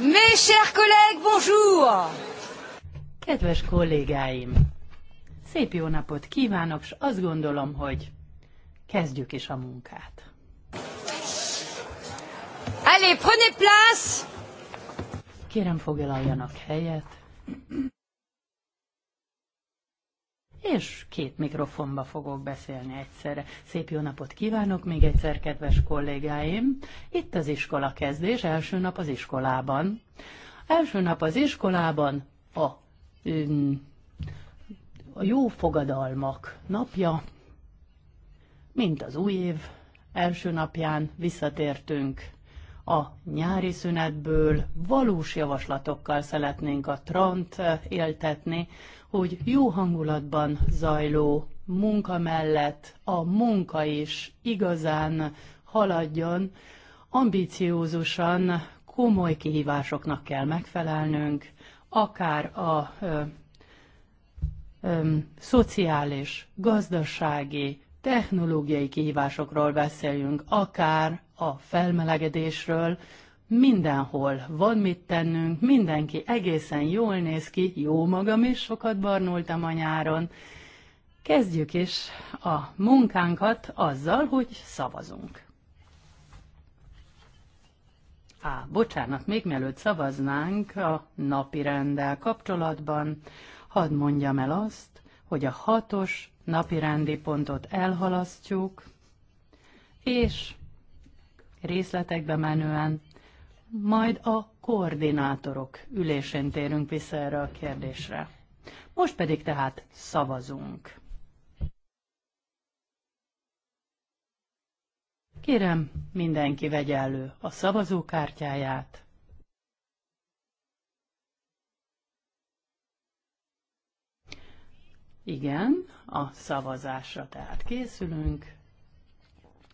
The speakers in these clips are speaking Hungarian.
Mes chers collègues, bonjour! Kedves kollégáim! Szép jó napot kívánok, és azt gondolom, hogy kezdjük is a munkát. Allez, prenez place! Kérem foglaljanak helyet és két mikrofonba fogok beszélni egyszerre. Szép jó napot kívánok még egyszer, kedves kollégáim! Itt az iskola kezdés, első nap az iskolában. Első nap az iskolában a, a jó fogadalmak napja, mint az új év első napján visszatértünk a nyári szünetből valós javaslatokkal szeretnénk a trant eh, éltetni, hogy jó hangulatban zajló munka mellett a munka is igazán haladjon, ambíciózusan komoly kihívásoknak kell megfelelnünk, akár a ö, ö, szociális, gazdasági, technológiai kihívásokról beszéljünk, akár a felmelegedésről, mindenhol van mit tennünk, mindenki egészen jól néz ki, jó magam is, sokat barnultam a nyáron. Kezdjük is a munkánkat azzal, hogy szavazunk. Á, bocsánat, még mielőtt szavaznánk a napi rendel kapcsolatban, hadd mondjam el azt, hogy a hatos napi rendi pontot elhalasztjuk, és részletekbe menően majd a koordinátorok ülésén térünk vissza erre a kérdésre. Most pedig tehát szavazunk. Kérem, mindenki vegye elő a szavazókártyáját. Igen, a szavazásra tehát készülünk.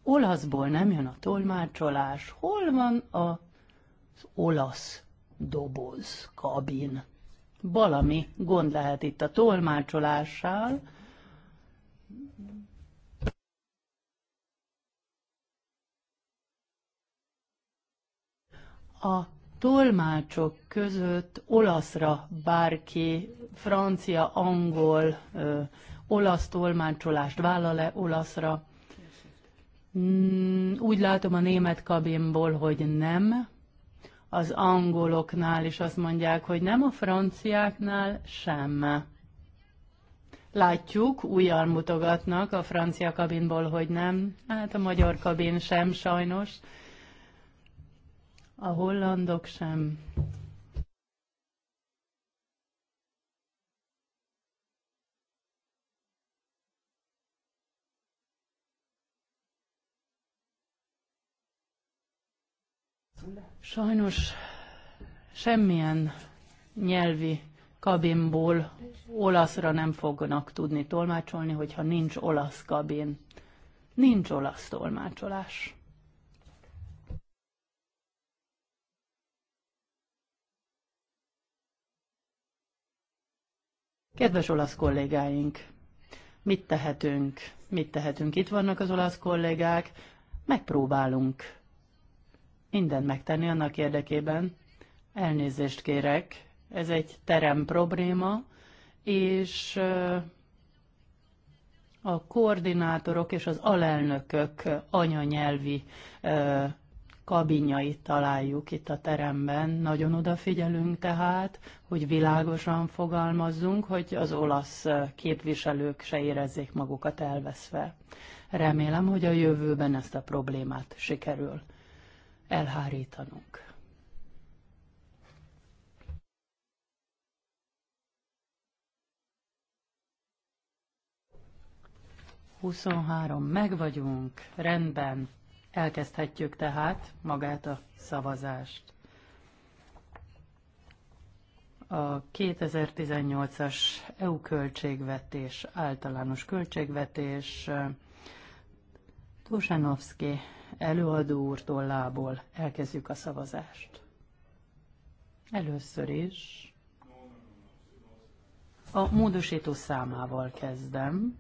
Olaszból nem jön a tolmácsolás. Hol van a olasz doboz, kabin. Valami gond lehet itt a tolmácsolással. A tolmácsok között olaszra bárki francia, angol, ö, olasz tolmácsolást vállal-e olaszra. Mm, úgy látom a német kabinból, hogy nem az angoloknál is azt mondják, hogy nem a franciáknál sem. Látjuk, újjal mutogatnak a francia kabinból, hogy nem. Hát a magyar kabin sem sajnos. A hollandok sem. Sajnos semmilyen nyelvi kabinból olaszra nem fognak tudni tolmácsolni, hogyha nincs olasz kabin. Nincs olasz tolmácsolás. Kedves olasz kollégáink, mit tehetünk? Mit tehetünk? Itt vannak az olasz kollégák, megpróbálunk mindent megtenni annak érdekében. Elnézést kérek, ez egy terem probléma, és a koordinátorok és az alelnökök anyanyelvi kabinjait találjuk itt a teremben. Nagyon odafigyelünk tehát, hogy világosan fogalmazzunk, hogy az olasz képviselők se érezzék magukat elveszve. Remélem, hogy a jövőben ezt a problémát sikerül elhárítanunk. Huszonhárom, meg vagyunk, rendben, elkezdhetjük tehát magát a szavazást. A 2018-as EU költségvetés, általános költségvetés, Tusanovszki előadó úr tollából elkezdjük a szavazást. Először is a módosító számával kezdem.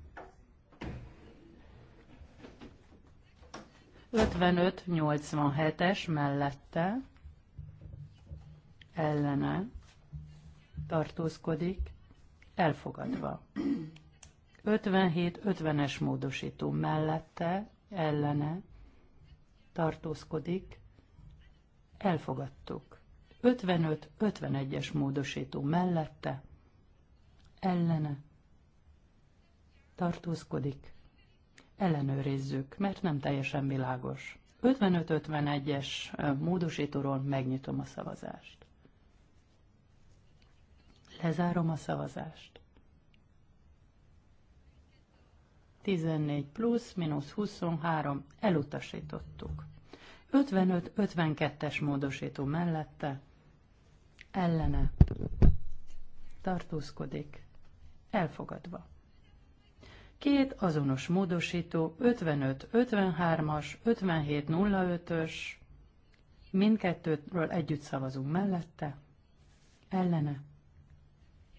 55-87-es mellette ellene tartózkodik, elfogadva. 57-50-es módosító mellette ellene tartózkodik, elfogadtuk. 55-51-es módosító mellette, ellene, tartózkodik, ellenőrizzük, mert nem teljesen világos. 55-51-es módosítóról megnyitom a szavazást. Lezárom a szavazást. 14 plusz, mínusz 23, elutasítottuk. 55-52-es módosító mellette, ellene, tartózkodik, elfogadva. Két azonos módosító, 55-53-as, 57-05-ös, mindkettőről együtt szavazunk mellette, ellene,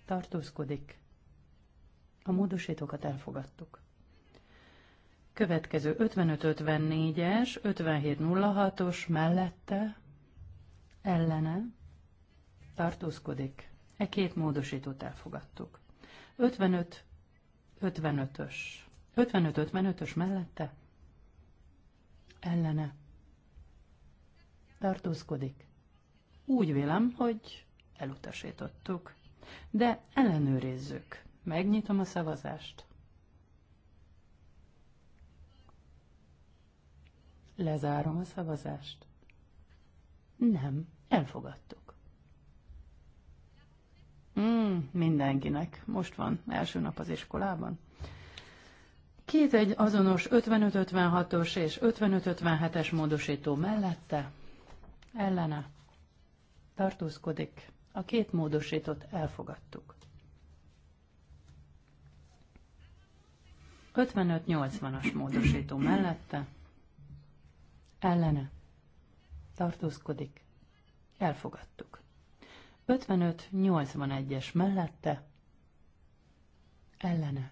tartózkodik. A módosítókat elfogadtuk. Következő 55-54-es, 57-06-os mellette, ellene, tartózkodik. E két módosítót elfogadtuk. 55 55-ös. 55-55-ös mellette, ellene, tartózkodik. Úgy vélem, hogy elutasítottuk. De ellenőrizzük. Megnyitom a szavazást. Lezárom a szavazást. Nem, elfogadtuk. Mm, mindenkinek. Most van első nap az iskolában. Két egy azonos 55-56-os és 55-57-es módosító mellette, ellene tartózkodik. A két módosítót elfogadtuk. 55-80-as módosító mellette, ellene tartózkodik, elfogadtuk. 55-81-es mellette ellene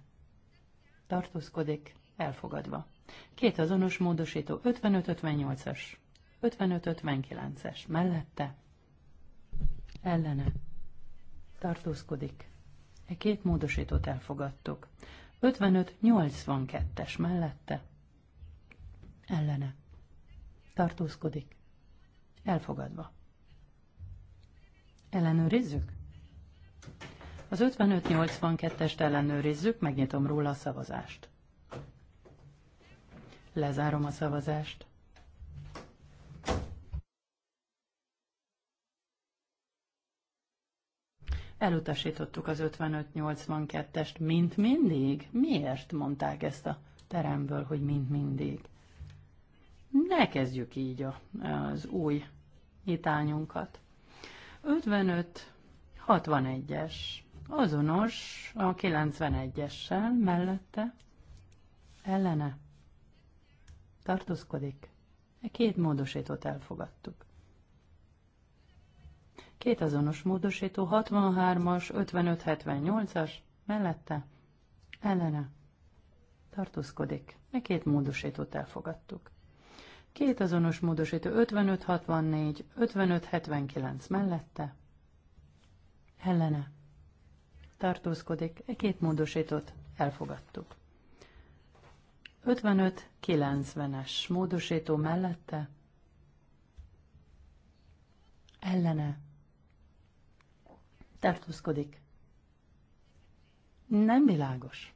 tartózkodik, elfogadva. Két azonos módosító 55-58-as, 55-59-es mellette ellene tartózkodik. E két módosítót elfogadtuk. 55-82-es mellette ellene tartózkodik, elfogadva. Ellenőrizzük? Az 55-82-est ellenőrizzük, megnyitom róla a szavazást. Lezárom a szavazást. Elutasítottuk az 55-82-est, mint mindig. Miért mondták ezt a teremből, hogy mint mindig? ne kezdjük így a, az új nyitányunkat. 55-61-es, azonos a 91-essel mellette, ellene tartózkodik. két módosítót elfogadtuk. Két azonos módosító, 63-as, 55-78-as, mellette, ellene tartózkodik. E két módosítót elfogadtuk. Két azonos módosító 55-64, 55-79 mellette. Hellene. Tartózkodik. E két módosítót elfogadtuk. 55-90-es módosító mellette. Ellene. Tartózkodik. Nem világos.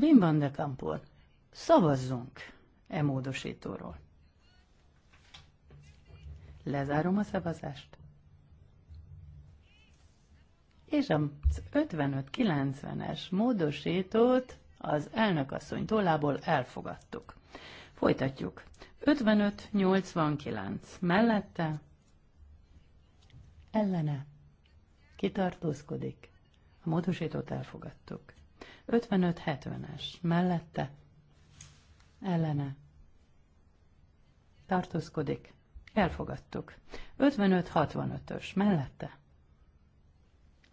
Wim van de Kampur, szavazzunk! e módosítóról. Lezárom a szavazást. És az 55-90-es módosítót az asszony tollából elfogadtuk. Folytatjuk. 55-89 mellette ellene kitartózkodik. A módosítót elfogadtuk. 55-70-es mellette ellene tartózkodik. Elfogadtuk. 55-65-ös mellette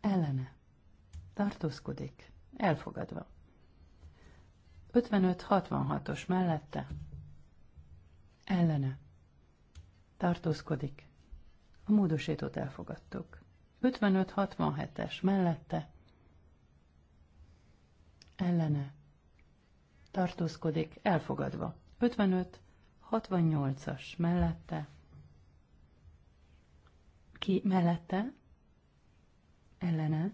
ellene tartózkodik. Elfogadva. 55-66-os mellette ellene tartózkodik. A módosítót elfogadtuk. 55-67-es mellette ellene tartózkodik, elfogadva. 55, 68-as mellette, ki mellette, ellene,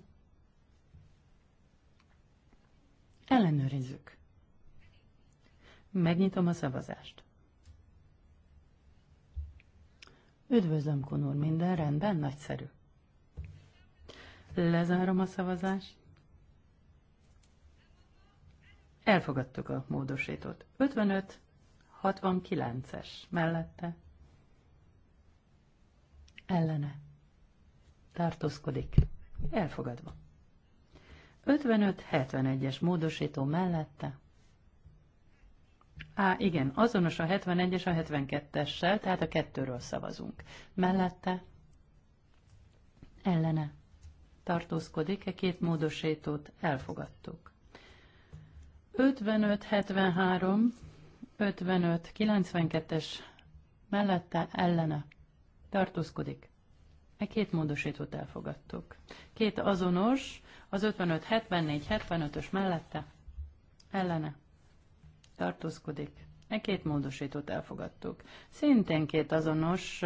ellenőrizzük. Megnyitom a szavazást. Üdvözlöm, Kunur, minden rendben, nagyszerű. Lezárom a szavazást. Elfogadtuk a módosítót. 55, 69-es mellette. Ellene. Tartózkodik. Elfogadva. 55-71-es módosító mellette. Á, igen, azonos a 71-es a 72-essel, tehát a kettőről szavazunk. Mellette. Ellene. Tartózkodik-e két módosítót? Elfogadtuk. 55-73, 55-92-es mellette ellene tartózkodik. E két módosítót elfogadtuk. Két azonos, az 55-74-75-ös mellette ellene tartózkodik. E két módosítót elfogadtuk. Szintén két azonos,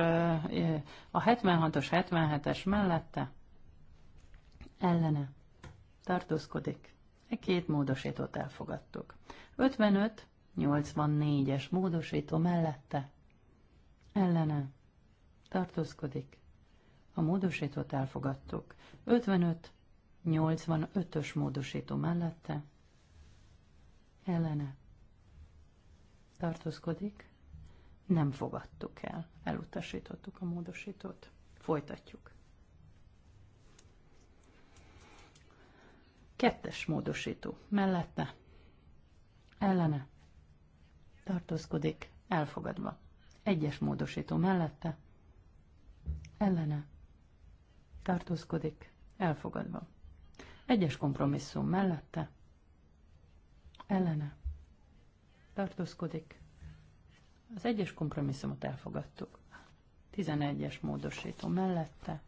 a 76-os, 77-es mellette ellene tartózkodik. E két módosítót elfogadtuk. 55, 84-es módosító mellette. Ellene. Tartózkodik. A módosítót elfogadtuk. 55, 85-ös módosító mellette. Ellene. Tartózkodik. Nem fogadtuk el. Elutasítottuk a módosítót. Folytatjuk. Kettes módosító. Mellette. Ellene. Tartózkodik. Elfogadva. Egyes módosító. Mellette. Ellene. Tartózkodik. Elfogadva. Egyes kompromisszum. Mellette. Ellene. Tartózkodik. Az egyes kompromisszumot elfogadtuk. 11-es módosító mellette,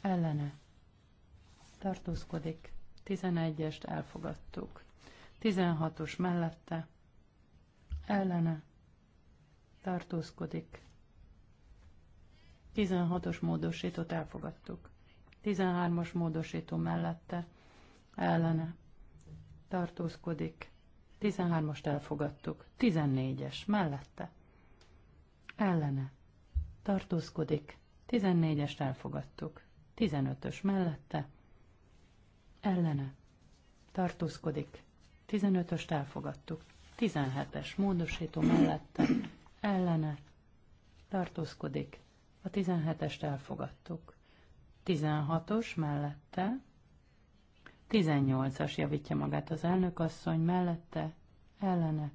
ellene tartózkodik, 11-est elfogadtuk. 16-os mellette ellene tartózkodik. 16-os módosítót elfogadtuk. 13-as módosító mellette ellene tartózkodik. 13-ast elfogadtuk. 14-es mellette ellene tartózkodik. 14-est elfogadtuk. 15-ös mellette ellene tartózkodik. 15-öst elfogadtuk. 17-es módosító mellette ellene tartózkodik. A 17-est elfogadtuk. 16-os mellette 18-as javítja magát az elnök asszony mellette ellene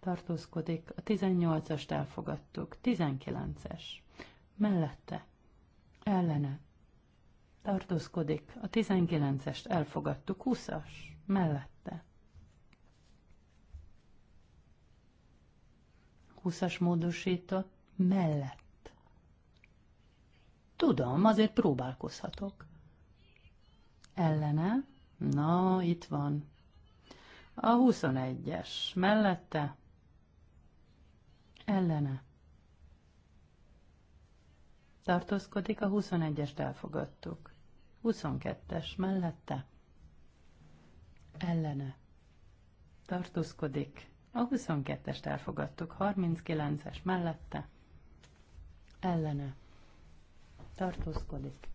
tartózkodik. A 18-ast elfogadtuk. 19-es mellette ellene tartózkodik. A 19-est elfogadtuk, 20-as mellette. 20-as módosított mellett. Tudom, azért próbálkozhatok. Ellene? Na, itt van. A 21-es mellette? Ellene. Tartózkodik, a 21-est elfogadtuk. 22-es mellette ellene tartózkodik. A 22-est elfogadtuk, 39-es mellette ellene tartózkodik.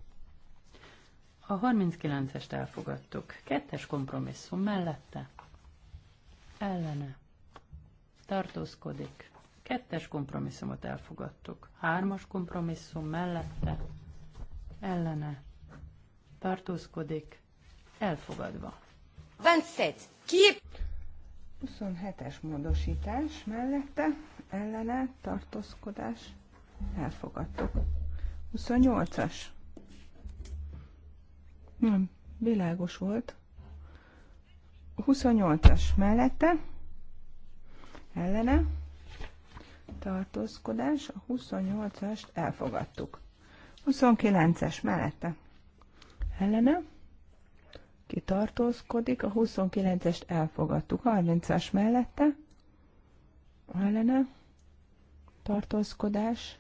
A 39-est elfogadtuk, kettes kompromisszum mellette ellene tartózkodik. Kettes kompromisszumot elfogadtuk, hármas kompromisszum mellette ellene tartózkodik, elfogadva. 27. Ki? 27-es módosítás mellette, ellene, tartózkodás, elfogadtuk. 28-as. Nem, világos volt. 28-as mellette, ellene, tartózkodás, a 28-ast elfogadtuk. 29-es mellette ellene, ki tartózkodik, a 29-est elfogadtuk, 30-as mellette, ellene, tartózkodás,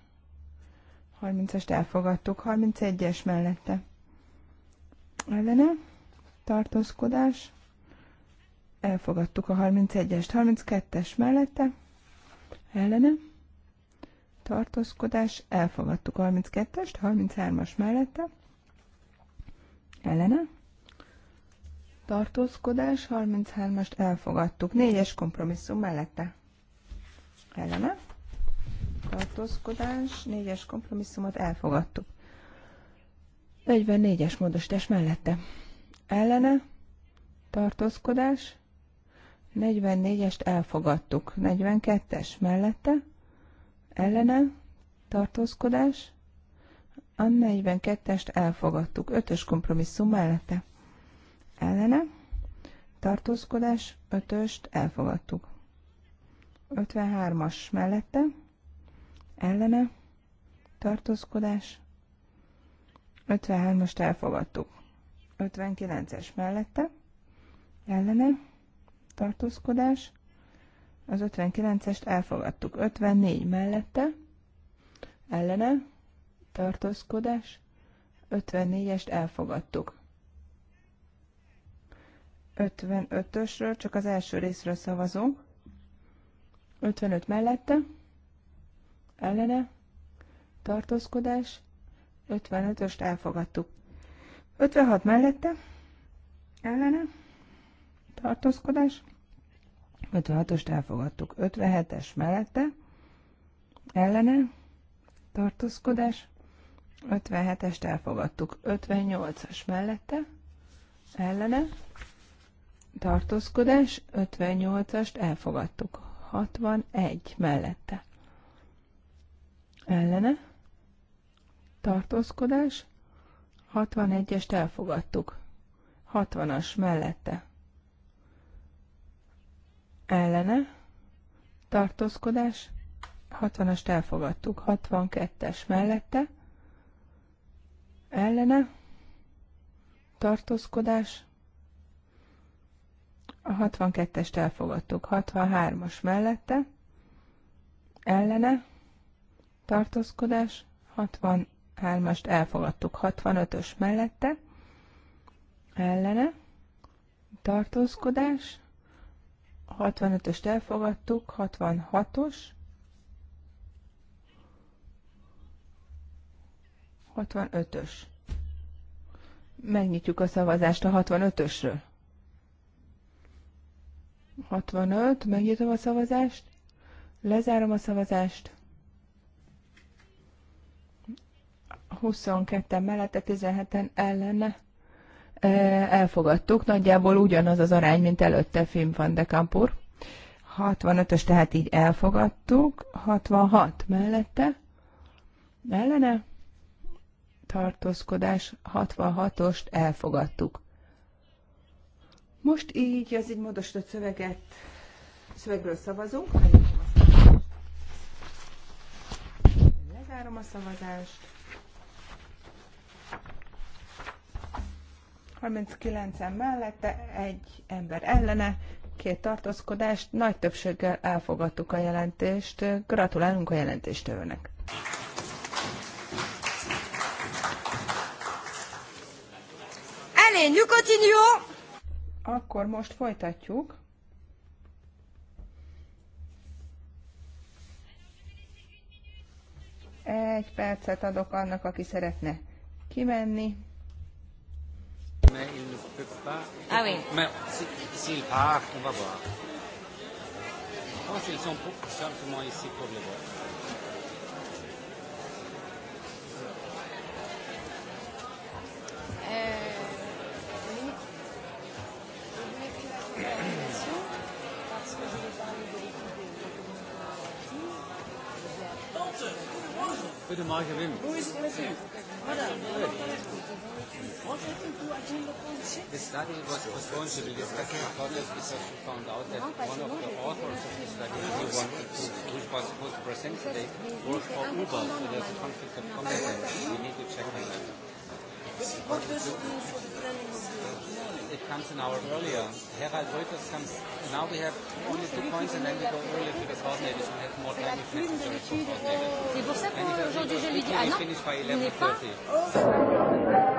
30-est elfogadtuk, 31-es mellette, ellene, tartózkodás, elfogadtuk a 31-est, 32-es mellette, ellene, tartózkodás, elfogadtuk a 32-est, 33-as mellette, ellene. Tartózkodás, 33-ast elfogadtuk. Négyes kompromisszum mellette. Ellene. Tartózkodás, négyes kompromisszumot elfogadtuk. 44-es módosítás mellette. Ellene. Tartózkodás. 44-est elfogadtuk. 42-es mellette. Ellene. Tartózkodás. A 42-est elfogadtuk. Ötös kompromisszum mellette. Ellene. Tartózkodás. Ötöst elfogadtuk. 53-as mellette. Ellene. Tartózkodás. 53-ast elfogadtuk. 59-es mellette. Ellene. Tartózkodás. Az 59-est elfogadtuk. 54 mellette. Ellene tartózkodás, 54-est elfogadtuk. 55-ösről csak az első részről szavazunk. 55 mellette, ellene, tartózkodás, 55-öst elfogadtuk. 56 mellette, ellene, tartózkodás, 56-ost elfogadtuk. 57-es mellette, ellene, tartózkodás, 57-est elfogadtuk. 58-as mellette, ellene, tartózkodás, 58-ast elfogadtuk. 61 mellette. Ellene, tartózkodás, 61-est elfogadtuk. 60-as mellette. Ellene, tartózkodás, 60-ast elfogadtuk. 62-es mellette ellene, tartózkodás, a 62-est elfogadtuk, 63-as mellette, ellene, tartózkodás, 63-ast elfogadtuk, 65-ös mellette, ellene, tartózkodás, 65-öst elfogadtuk, 66-os, 65-ös. Megnyitjuk a szavazást a 65-ösről. 65, megnyitom a szavazást, lezárom a szavazást. 22-en mellette, 17-en ellene. E, elfogadtuk, nagyjából ugyanaz az arány, mint előtte Fim van de Kampur. 65-ös, tehát így elfogadtuk. 66 mellette, ellene tartózkodás 66-ost elfogadtuk. Most így az így módosított szöveget, szövegről szavazunk. Lezárom a szavazást. 39-en mellette, egy ember ellene, két tartózkodást, nagy többséggel elfogadtuk a jelentést. Gratulálunk a jelentéstőnek. Allez, nous continuons. Akkor most folytatjuk. Egy percet adok annak, aki szeretne kimenni. Mais il ne peut pas. Ah oui. Mais s'il part, on va voir. Je pense qu'ils sont simplement ici pour le voir. Bitte mal gewinnen. Louis Griffin. The study was postponed to the discussion process because we found out that one of the authors of the study, the one who was supposed to present today, worked for Uber, so there's a conflict of competence. We need to check on that. What does it do for it comes an hour earlier. Herald Reuters comes. And Now we have only two points and then we go earlier to the coordinators and have more time if necessary for coordinators. And if we finish by 11.30.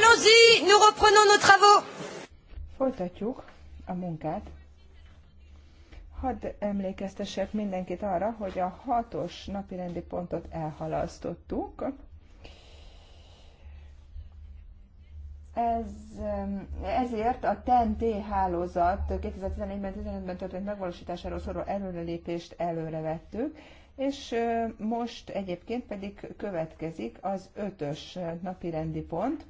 Allons-y, nous reprenons nos travaux. Folytatjuk a munkát. Hadd emlékeztessek mindenkit arra, hogy a hatos napi rendi pontot elhalasztottuk. Ez, ezért a TNT hálózat 2014-ben, 2015 ben történt megvalósításáról szóló előrelépést előrevettük, és most egyébként pedig következik az ötös napi rendi pont,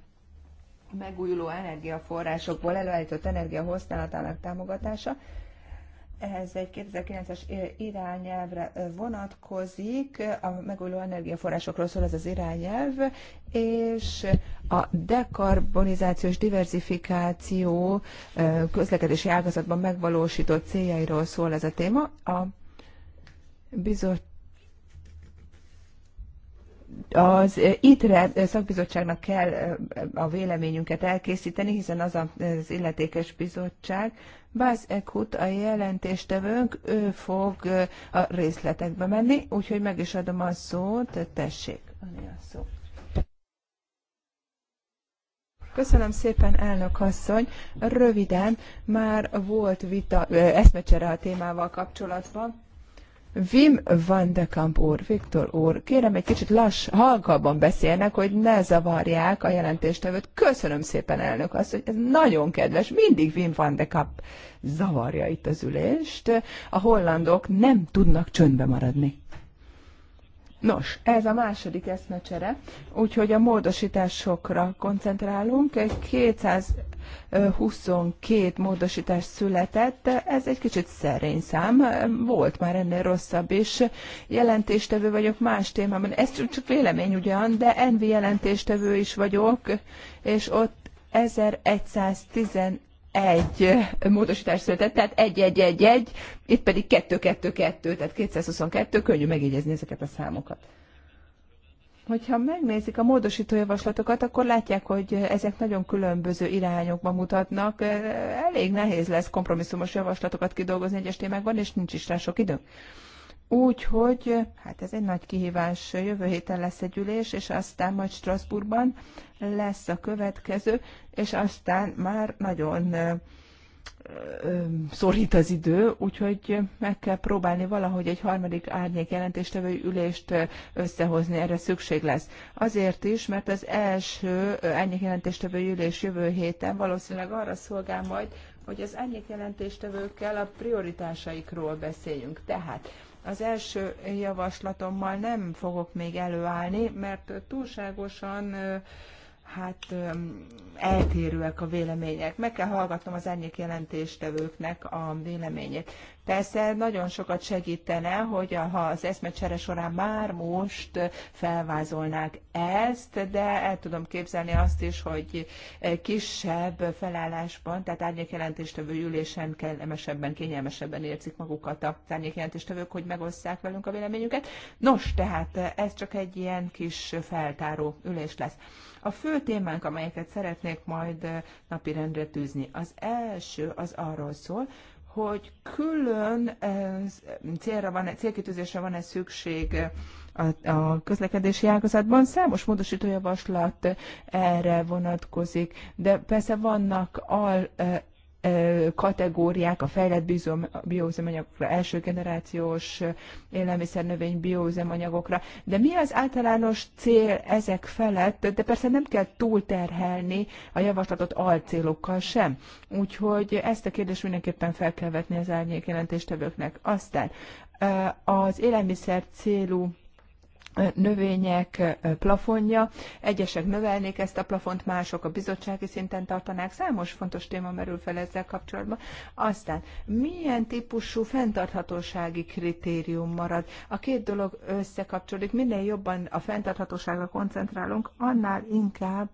megújuló energiaforrásokból előállított energia használatának támogatása. Ehhez egy 2009-es irányelvre vonatkozik, a megújuló energiaforrásokról szól ez az irányelv, és a dekarbonizáció és diversifikáció közlekedési ágazatban megvalósított céljairól szól ez a téma. A bizot, az eh, ITRE szakbizottságnak kell eh, a véleményünket elkészíteni, hiszen az az illetékes bizottság. Báz Ekut, a jelentéstevőnk, ő fog eh, a részletekbe menni, úgyhogy meg is adom a szót, tessék, a szó. Köszönöm szépen, elnök asszony. Röviden, már volt vita, eszmecsere a témával kapcsolatban Wim van de Kamp úr, Viktor úr, kérem egy kicsit lass, halkabban beszélnek, hogy ne zavarják a jelentéstevőt. Köszönöm szépen, elnök azt, hogy ez nagyon kedves. Mindig Wim van de Kamp zavarja itt az ülést. A hollandok nem tudnak csöndbe maradni. Nos, ez a második eszmecsere, úgyhogy a módosításokra koncentrálunk. 222 módosítás született, ez egy kicsit szerény szám, volt már ennél rosszabb is. Jelentéstevő vagyok más témában, ez csak vélemény ugyan, de envi jelentéstevő is vagyok, és ott 1111 egy módosítás született, tehát egy-egy-egy-egy, itt pedig 2-2-2, tehát 222, könnyű megjegyezni ezeket a számokat. Hogyha megnézik a módosító javaslatokat, akkor látják, hogy ezek nagyon különböző irányokba mutatnak. Elég nehéz lesz kompromisszumos javaslatokat kidolgozni egyes témákban, és nincs is rá sok időnk. Úgyhogy, hát ez egy nagy kihívás, jövő héten lesz egy ülés, és aztán majd Strasbourgban lesz a következő, és aztán már nagyon szorít az idő, úgyhogy meg kell próbálni valahogy egy harmadik árnyék jelentéstevő ülést összehozni, erre szükség lesz. Azért is, mert az első árnyék jelentéstevő ülés jövő héten valószínűleg arra szolgál majd, hogy az árnyék jelentéstevőkkel a prioritásaikról beszéljünk. Tehát az első javaslatommal nem fogok még előállni, mert túlságosan hát eltérőek a vélemények. Meg kell hallgatnom az ennyi jelentéstevőknek a véleményét. Persze nagyon sokat segítene, hogy ha az eszmecsere során már most felvázolnák ezt, de el tudom képzelni azt is, hogy kisebb felállásban, tehát árnyékjelentéstevő ülésen kellemesebben, kényelmesebben érzik magukat a árnyékjelentéstevők, hogy megosszák velünk a véleményüket. Nos, tehát ez csak egy ilyen kis feltáró ülés lesz. A fő témánk, amelyeket szeretnék majd napirendre tűzni, az első az arról szól, hogy külön célra van, célkitűzésre van-e szükség a, a közlekedési ágazatban. Számos módosítójavaslat erre vonatkozik, de persze vannak al kategóriák, a fejlett bioüzemanyagokra, első generációs élelmiszernövény bioüzemanyagokra. De mi az általános cél ezek felett? De persze nem kell túlterhelni a javaslatot alcélokkal sem. Úgyhogy ezt a kérdést mindenképpen fel kell vetni az árnyék jelentéstevőknek. Aztán az élelmiszer célú növények plafonja. Egyesek növelnék ezt a plafont, mások a bizottsági szinten tartanák. Számos fontos téma merül fel ezzel kapcsolatban. Aztán milyen típusú fenntarthatósági kritérium marad? A két dolog összekapcsolódik. Minél jobban a fenntarthatóságra koncentrálunk, annál inkább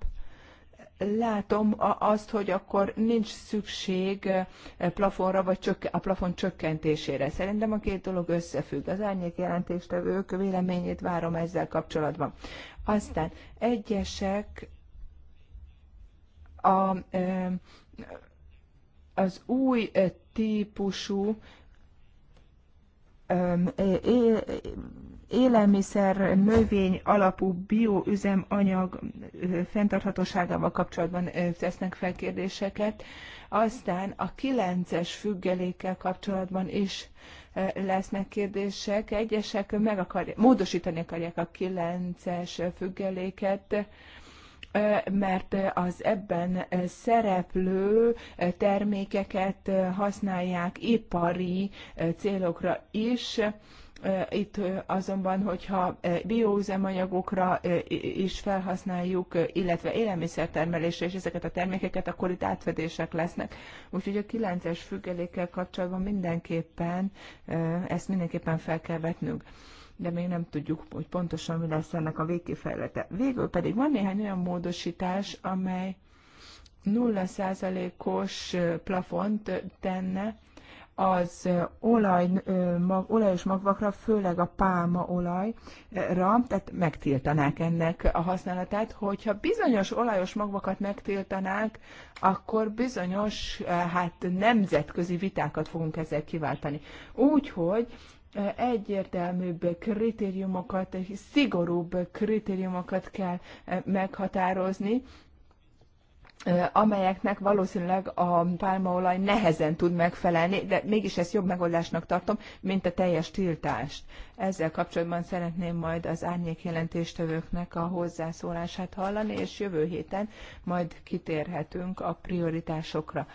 látom azt, hogy akkor nincs szükség plafonra, vagy a plafon csökkentésére. Szerintem a két dolog összefügg. Az árnyék jelentéstevők véleményét várom ezzel kapcsolatban. Aztán egyesek a, az új típusú élelmiszer, növény alapú bioüzemanyag fenntarthatóságával kapcsolatban tesznek fel kérdéseket. Aztán a kilences függelékkel kapcsolatban is lesznek kérdések. Egyesek meg akarják, módosítani akarják a kilences függeléket, mert az ebben szereplő termékeket használják ipari célokra is, itt azonban, hogyha bioüzemanyagokra is felhasználjuk, illetve élelmiszertermelésre és ezeket a termékeket, akkor itt átfedések lesznek. Úgyhogy a 9-es függelékkel kapcsolatban mindenképpen ezt mindenképpen fel kell vetnünk de még nem tudjuk, hogy pontosan mi lesz ennek a végkifejlete. Végül pedig van néhány olyan módosítás, amely 0%-os plafont tenne az olaj, olajos magvakra, főleg a pálmaolajra, tehát megtiltanák ennek a használatát. Hogyha bizonyos olajos magvakat megtiltanák, akkor bizonyos hát nemzetközi vitákat fogunk ezzel kiváltani. Úgyhogy egyértelműbb kritériumokat, szigorúbb kritériumokat kell meghatározni, amelyeknek valószínűleg a pálmaolaj nehezen tud megfelelni, de mégis ezt jobb megoldásnak tartom, mint a teljes tiltást. Ezzel kapcsolatban szeretném majd az árnyék jelentéstevőknek a hozzászólását hallani, és jövő héten majd kitérhetünk a prioritásokra.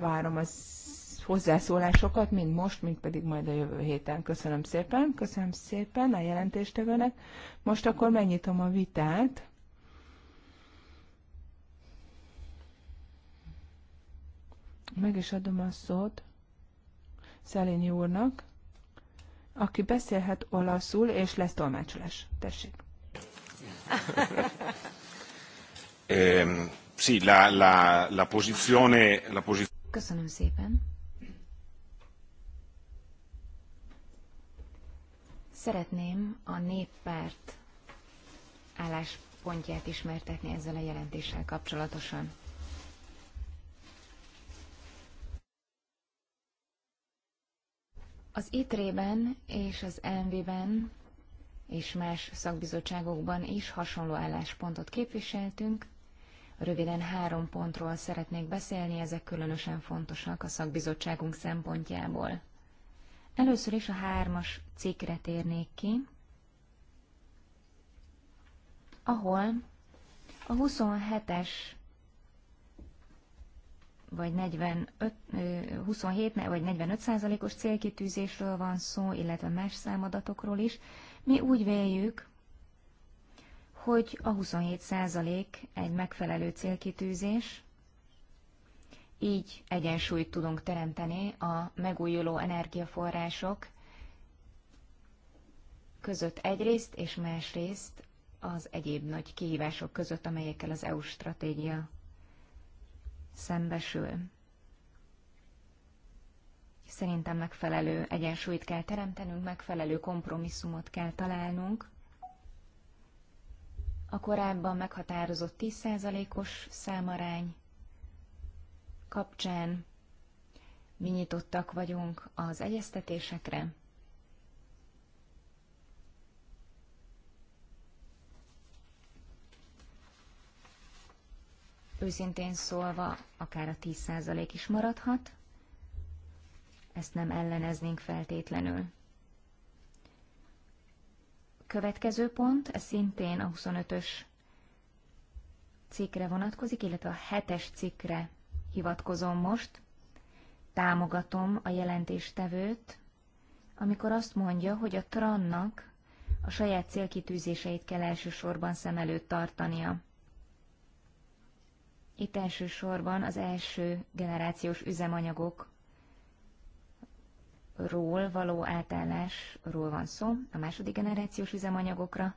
Várom az hozzászólásokat, mind most, mind pedig majd a jövő héten. Köszönöm szépen, köszönöm szépen a jelentéstevőnek. Most akkor megnyitom a vitát. Meg is adom a szót Szelényi úrnak, aki beszélhet olaszul, és lesz tolmácsolás. Tessék. Sì, la, la, la posizione... La posiz... Köszönöm szépen. Szeretném a néppárt álláspontját ismertetni ezzel a jelentéssel kapcsolatosan. Az ITRE-ben és az ENVI-ben és más szakbizottságokban is hasonló álláspontot képviseltünk. Röviden három pontról szeretnék beszélni, ezek különösen fontosak a szakbizottságunk szempontjából. Először is a hármas cikkre térnék ki, ahol a 27-es vagy 45, 27 vagy 45 százalékos célkitűzésről van szó, illetve más számadatokról is. Mi úgy véljük, hogy a 27 százalék egy megfelelő célkitűzés, így egyensúlyt tudunk teremteni a megújuló energiaforrások között egyrészt, és másrészt az egyéb nagy kihívások között, amelyekkel az EU stratégia szembesül. Szerintem megfelelő egyensúlyt kell teremtenünk, megfelelő kompromisszumot kell találnunk. A korábban meghatározott 10%-os számarány kapcsán mi nyitottak vagyunk az egyeztetésekre, Őszintén szólva, akár a 10% is maradhat, ezt nem elleneznénk feltétlenül. Következő pont, ez szintén a 25-ös cikkre vonatkozik, illetve a 7-es cikkre hivatkozom most. Támogatom a jelentéstevőt, amikor azt mondja, hogy a trannak a saját célkitűzéseit kell elsősorban szem előtt tartania. Itt elsősorban az első generációs üzemanyagok ról való átállásról van szó, a második generációs üzemanyagokra.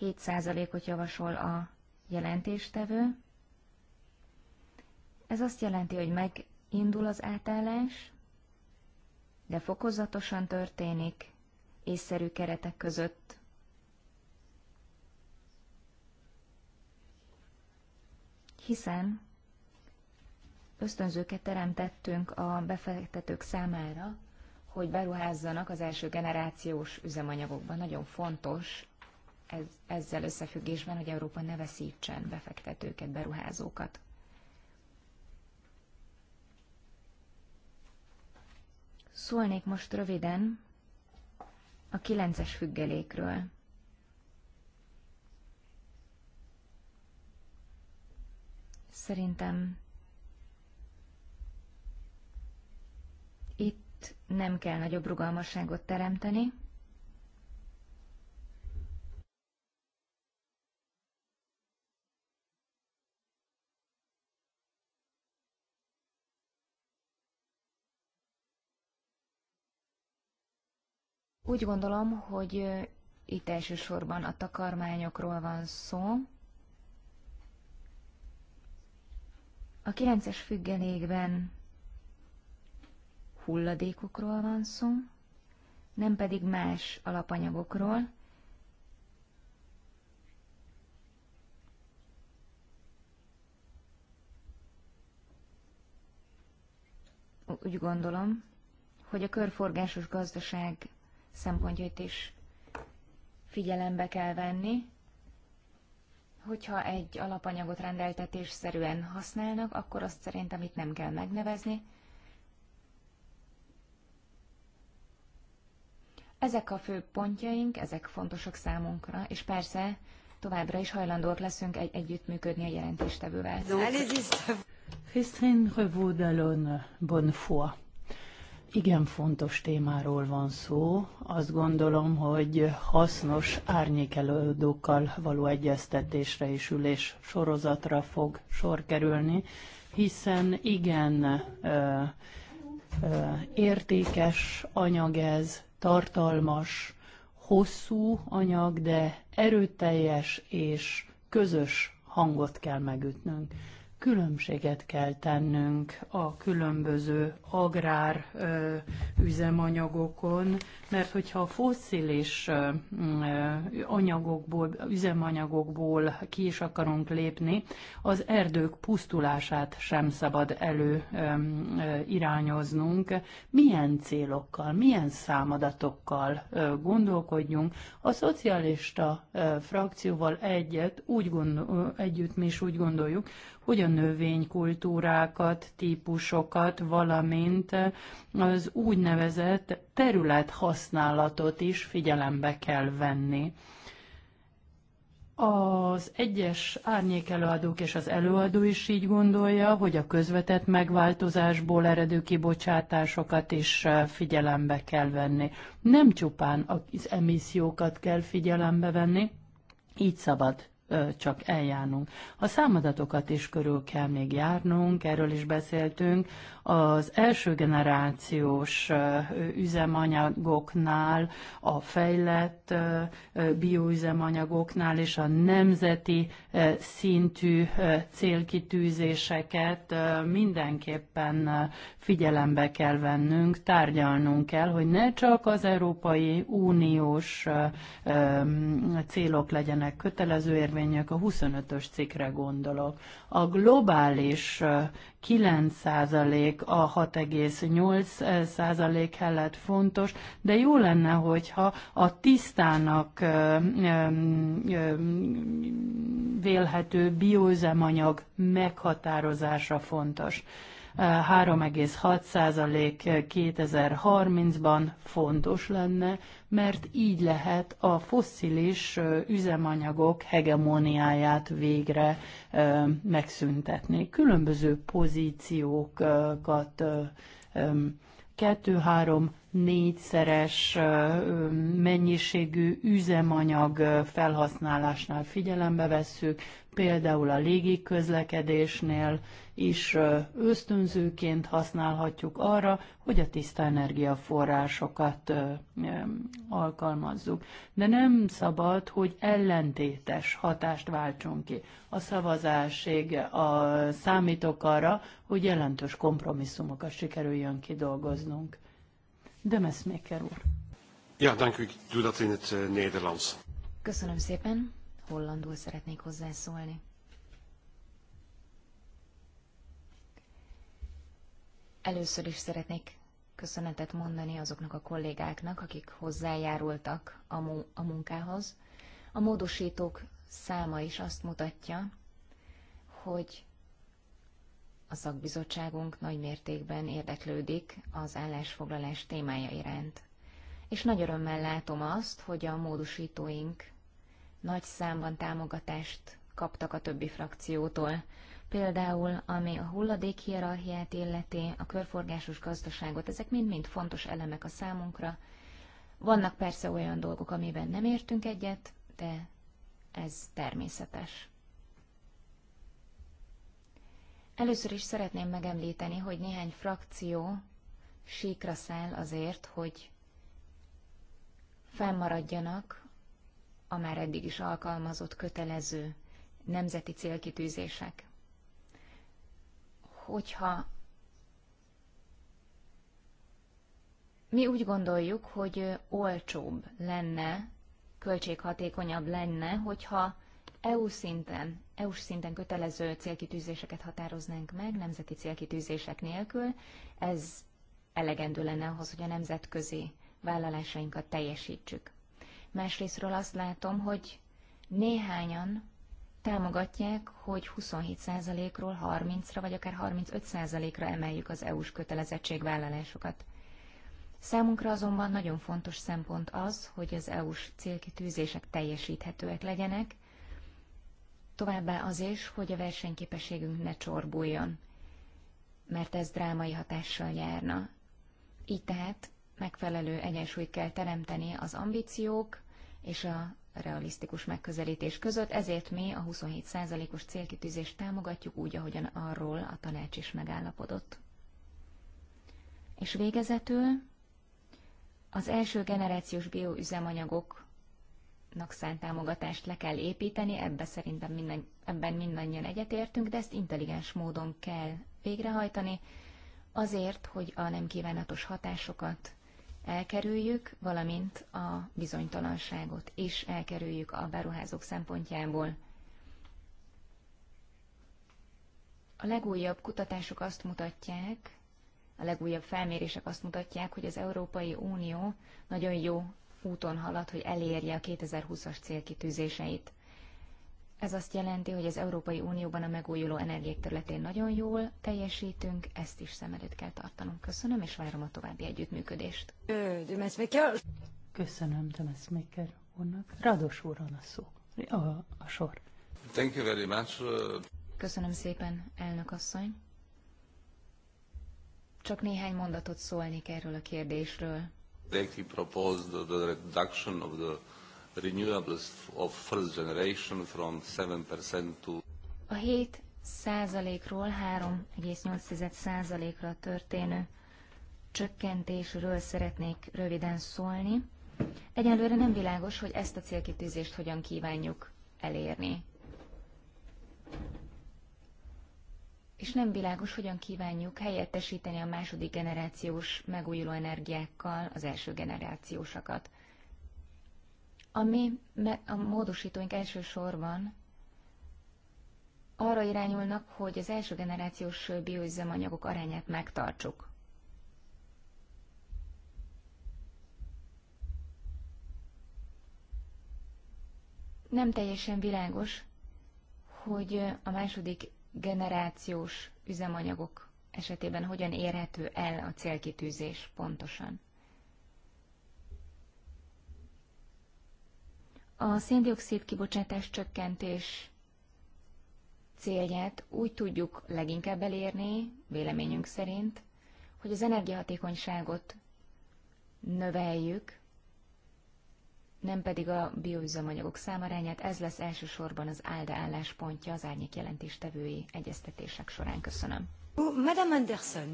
7%-ot javasol a jelentéstevő. Ez azt jelenti, hogy megindul az átállás, de fokozatosan történik, észszerű keretek között hiszen ösztönzőket teremtettünk a befektetők számára, hogy beruházzanak az első generációs üzemanyagokba. Nagyon fontos ez, ezzel összefüggésben, hogy Európa ne veszítsen befektetőket, beruházókat. Szólnék most röviden a kilences függelékről. Szerintem itt nem kell nagyobb rugalmasságot teremteni. Úgy gondolom, hogy itt elsősorban a takarmányokról van szó, A 9-es függelékben hulladékokról van szó, nem pedig más alapanyagokról. Úgy gondolom, hogy a körforgásos gazdaság szempontjait is figyelembe kell venni, Hogyha egy alapanyagot rendeltetésszerűen használnak, akkor azt szerintem itt nem kell megnevezni. Ezek a fő pontjaink, ezek fontosak számunkra, és persze továbbra is hajlandók leszünk egy együttműködni a jelentéstevővel. Krisztin Revaud d'Alon, bonne foi igen fontos témáról van szó. Azt gondolom, hogy hasznos árnyékelődókkal való egyeztetésre és ülés sorozatra fog sor kerülni, hiszen igen ö, ö, értékes anyag ez, tartalmas, hosszú anyag, de erőteljes és közös hangot kell megütnünk különbséget kell tennünk a különböző agrár ö, üzemanyagokon, mert hogyha a fosszilis ö, anyagokból, üzemanyagokból ki is akarunk lépni, az erdők pusztulását sem szabad elő ö, ö, irányoznunk. Milyen célokkal, milyen számadatokkal ö, gondolkodjunk. A szocialista ö, frakcióval egyet, úgy gondol, együtt mi is úgy gondoljuk, hogy a növénykultúrákat, típusokat, valamint az úgynevezett területhasználatot is figyelembe kell venni. Az egyes árnyékelőadók és az előadó is így gondolja, hogy a közvetett megváltozásból eredő kibocsátásokat is figyelembe kell venni. Nem csupán az emissziókat kell figyelembe venni, így szabad csak eljárnunk. A számadatokat is körül kell még járnunk, erről is beszéltünk. Az első generációs üzemanyagoknál, a fejlett bioüzemanyagoknál és a nemzeti szintű célkitűzéseket mindenképpen figyelembe kell vennünk, tárgyalnunk kell, hogy ne csak az Európai Uniós célok legyenek kötelező törvények, a 25-ös cikkre gondolok. A globális 9% a 6,8% helyett fontos, de jó lenne, hogyha a tisztának vélhető bioüzemanyag meghatározása fontos. 3,6% 2030-ban fontos lenne, mert így lehet a fosszilis üzemanyagok hegemóniáját végre megszüntetni. Különböző pozíciókat kettő-három négyszeres mennyiségű üzemanyag felhasználásnál figyelembe vesszük, például a légi közlekedésnél is ösztönzőként használhatjuk arra, hogy a tiszta energiaforrásokat alkalmazzuk. De nem szabad, hogy ellentétes hatást váltson ki. A szavazásig a számítok arra, hogy jelentős kompromisszumokat sikerüljön kidolgoznunk. De Meszméker úr. Ja, dank u. Ik doe dat in het uh, Nederlands. Köszönöm szépen hollandul szeretnék hozzászólni. Először is szeretnék köszönetet mondani azoknak a kollégáknak, akik hozzájárultak a, mu- a munkához. A módosítók száma is azt mutatja, hogy a szakbizottságunk nagy mértékben érdeklődik az állásfoglalás témája iránt. És nagy örömmel látom azt, hogy a módosítóink nagy számban támogatást kaptak a többi frakciótól. Például, ami a hulladék hierarchiát illeti, a körforgásos gazdaságot, ezek mind-mind fontos elemek a számunkra. Vannak persze olyan dolgok, amiben nem értünk egyet, de ez természetes. Először is szeretném megemlíteni, hogy néhány frakció síkra száll azért, hogy fennmaradjanak a már eddig is alkalmazott kötelező nemzeti célkitűzések. Hogyha mi úgy gondoljuk, hogy olcsóbb lenne, költséghatékonyabb lenne, hogyha EU szinten, eu szinten kötelező célkitűzéseket határoznánk meg, nemzeti célkitűzések nélkül, ez elegendő lenne ahhoz, hogy a nemzetközi vállalásainkat teljesítsük. Másrésztről azt látom, hogy néhányan támogatják, hogy 27%-ról 30-ra vagy akár 35%-ra emeljük az EU-s kötelezettségvállalásokat. Számunkra azonban nagyon fontos szempont az, hogy az EU-s célkitűzések teljesíthetőek legyenek, továbbá az is, hogy a versenyképességünk ne csorbuljon, mert ez drámai hatással járna. Így tehát megfelelő egyensúlyt kell teremteni az ambíciók, és a realisztikus megközelítés között, ezért mi a 27%-os célkitűzést támogatjuk úgy, ahogyan arról a tanács is megállapodott. És végezetül az első generációs bioüzemanyagoknak szánt támogatást le kell építeni, ebbe szerintem minden, ebben mindannyian egyetértünk, de ezt intelligens módon kell végrehajtani, azért, hogy a nem kívánatos hatásokat elkerüljük, valamint a bizonytalanságot is elkerüljük a beruházók szempontjából. A legújabb kutatások azt mutatják, a legújabb felmérések azt mutatják, hogy az Európai Unió nagyon jó úton halad, hogy elérje a 2020-as célkitűzéseit. Ez azt jelenti, hogy az Európai Unióban a megújuló energiák területén nagyon jól teljesítünk, ezt is szem előtt kell tartanunk. Köszönöm, és várom a további együttműködést. Köszönöm, Demeszmaker úrnak. Rados van a szó, a, a sor. Thank you very much. Köszönöm szépen, elnök asszony. Csak néhány mondatot szólnék erről a kérdésről. They proposed the reduction of the renewables of first generation from 7% to... A 7 százalékról 3,8 százalékra történő csökkentésről szeretnék röviden szólni. Egyelőre nem világos, hogy ezt a célkitűzést hogyan kívánjuk elérni. És nem világos, hogyan kívánjuk helyettesíteni a második generációs megújuló energiákkal az első generációsakat. A mi a módosítóink elsősorban arra irányulnak, hogy az első generációs bioüzemanyagok arányát megtartsuk. Nem teljesen világos, hogy a második generációs üzemanyagok esetében hogyan érhető el a célkitűzés pontosan. a széndiokszid kibocsátás csökkentés célját úgy tudjuk leginkább elérni, véleményünk szerint, hogy az energiahatékonyságot növeljük, nem pedig a bioüzemanyagok számarányát, ez lesz elsősorban az ALDE álláspontja az árnyék jelentéstevői egyeztetések során. Köszönöm. Madame Anderson.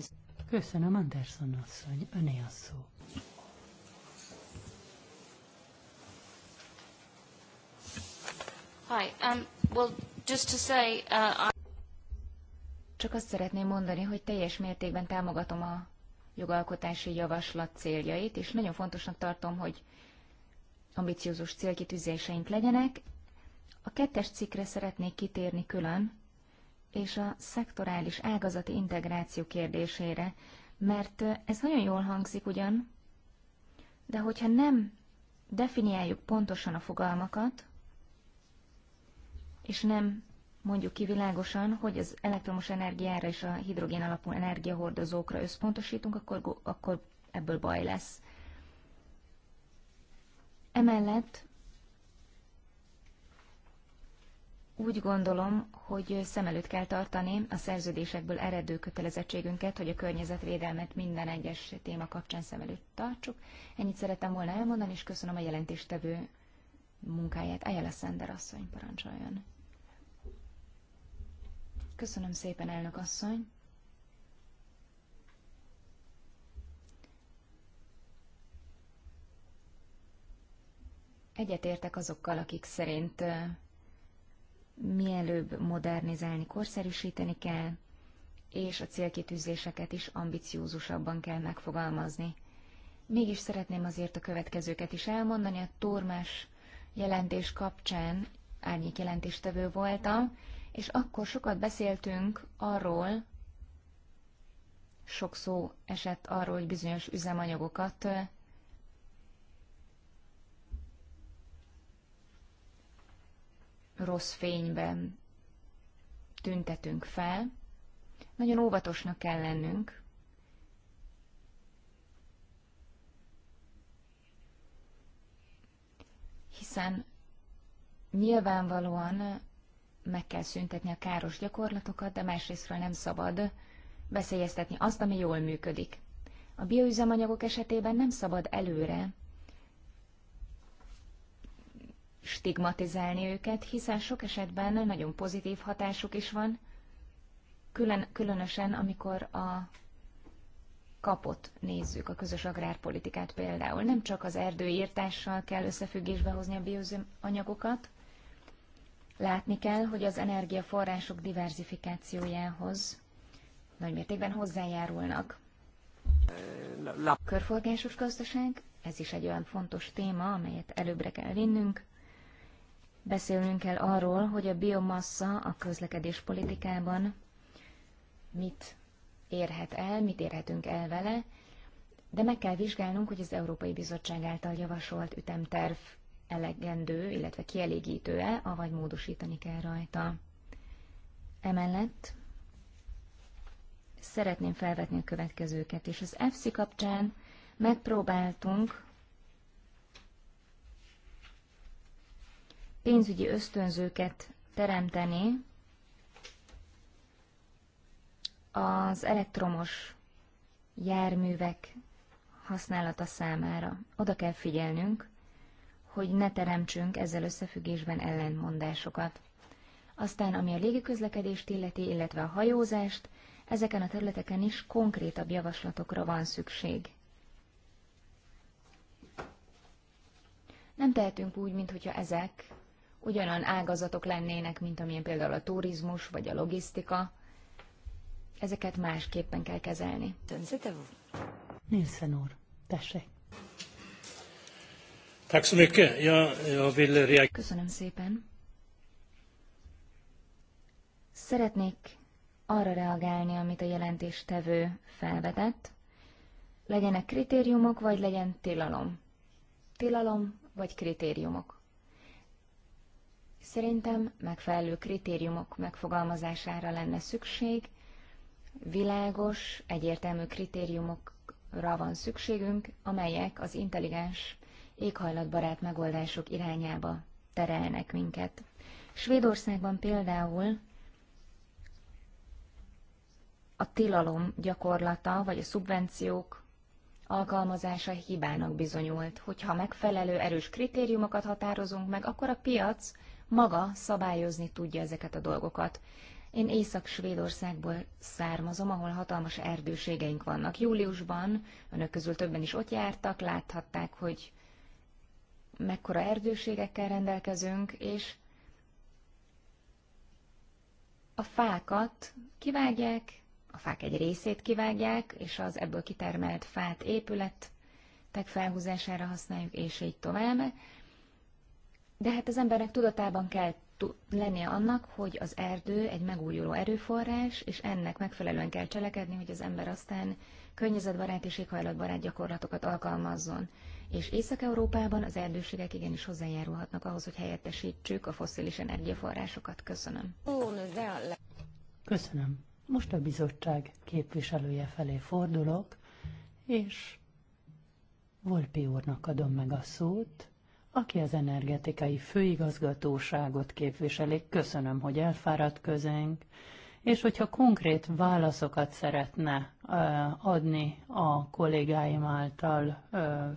Köszönöm, Anderson asszony. Öné a szó. Hi. Um, well, just to say, uh, I... Csak azt szeretném mondani, hogy teljes mértékben támogatom a jogalkotási javaslat céljait, és nagyon fontosnak tartom, hogy ambiciózus célkitűzéseink legyenek. A kettes cikkre szeretnék kitérni külön, és a szektorális ágazati integráció kérdésére, mert ez nagyon jól hangzik ugyan, de hogyha nem definiáljuk pontosan a fogalmakat, és nem mondjuk ki világosan, hogy az elektromos energiára és a hidrogén alapú energiahordozókra összpontosítunk, akkor, akkor ebből baj lesz. Emellett úgy gondolom, hogy szem előtt kell tartani a szerződésekből eredő kötelezettségünket, hogy a környezetvédelmet minden egyes téma kapcsán szem előtt tartsuk. Ennyit szerettem volna elmondani, és köszönöm a jelentéstevő munkáját. Ejjel a Szender asszony parancsoljon. Köszönöm szépen, elnök asszony. Egyetértek azokkal, akik szerint mielőbb modernizálni, korszerűsíteni kell, és a célkitűzéseket is ambiciózusabban kell megfogalmazni. Mégis szeretném azért a következőket is elmondani. A Tormás jelentés kapcsán árnyék jelentéstevő voltam, és akkor sokat beszéltünk arról, sok szó esett arról, hogy bizonyos üzemanyagokat rossz fényben tüntetünk fel. Nagyon óvatosnak kell lennünk. Hiszen nyilvánvalóan meg kell szüntetni a káros gyakorlatokat, de másrésztről nem szabad veszélyeztetni azt, ami jól működik. A bioüzemanyagok esetében nem szabad előre stigmatizálni őket, hiszen sok esetben nagyon pozitív hatásuk is van, külön, különösen amikor a kapot nézzük, a közös agrárpolitikát például. Nem csak az erdőírtással kell összefüggésbe hozni a bioüzemanyagokat, Látni kell, hogy az energiaforrások diversifikációjához nagymértékben hozzájárulnak. Körforgásos gazdaság, ez is egy olyan fontos téma, amelyet előbbre kell vinnünk. Beszélnünk kell arról, hogy a biomassa a közlekedés politikában mit érhet el, mit érhetünk el vele, de meg kell vizsgálnunk, hogy az Európai Bizottság által javasolt ütemterv elegendő, illetve kielégítő-e, avagy módosítani kell rajta. Emellett szeretném felvetni a következőket, és az FC kapcsán megpróbáltunk pénzügyi ösztönzőket teremteni az elektromos járművek használata számára. Oda kell figyelnünk hogy ne teremtsünk ezzel összefüggésben ellentmondásokat. Aztán, ami a légiközlekedést illeti, illetve a hajózást, ezeken a területeken is konkrétabb javaslatokra van szükség. Nem tehetünk úgy, mintha ezek ugyanan ágazatok lennének, mint amilyen például a turizmus vagy a logisztika. Ezeket másképpen kell kezelni. Nielsen úr, tessék. Tack så mycket. Jag, jag vill reagera. Köszönöm szépen. Szeretnék arra reagálni, amit a jelentéstevő felvetett. Legyenek kritériumok, vagy legyen tilalom. Tilalom, vagy kritériumok. Szerintem megfelelő kritériumok megfogalmazására lenne szükség, világos, egyértelmű kritériumokra van szükségünk, amelyek az intelligens éghajlatbarát megoldások irányába terelnek minket. Svédországban például a tilalom gyakorlata, vagy a szubvenciók alkalmazása hibának bizonyult. Hogyha megfelelő erős kritériumokat határozunk meg, akkor a piac maga szabályozni tudja ezeket a dolgokat. Én Észak-Svédországból származom, ahol hatalmas erdőségeink vannak. Júliusban önök közül többen is ott jártak, láthatták, hogy mekkora erdőségekkel rendelkezünk, és a fákat kivágják, a fák egy részét kivágják, és az ebből kitermelt fát épületek felhúzására használjuk, és így tovább. De hát az embernek tudatában kell lennie annak, hogy az erdő egy megújuló erőforrás, és ennek megfelelően kell cselekedni, hogy az ember aztán környezetbarát és éghajlatbarát gyakorlatokat alkalmazzon és Észak-Európában az erdőségek igenis hozzájárulhatnak ahhoz, hogy helyettesítsük a fosszilis energiaforrásokat. Köszönöm. Köszönöm. Most a bizottság képviselője felé fordulok, és Volpi úrnak adom meg a szót, aki az energetikai főigazgatóságot képviseli. Köszönöm, hogy elfáradt közénk és hogyha konkrét válaszokat szeretne adni a kollégáim által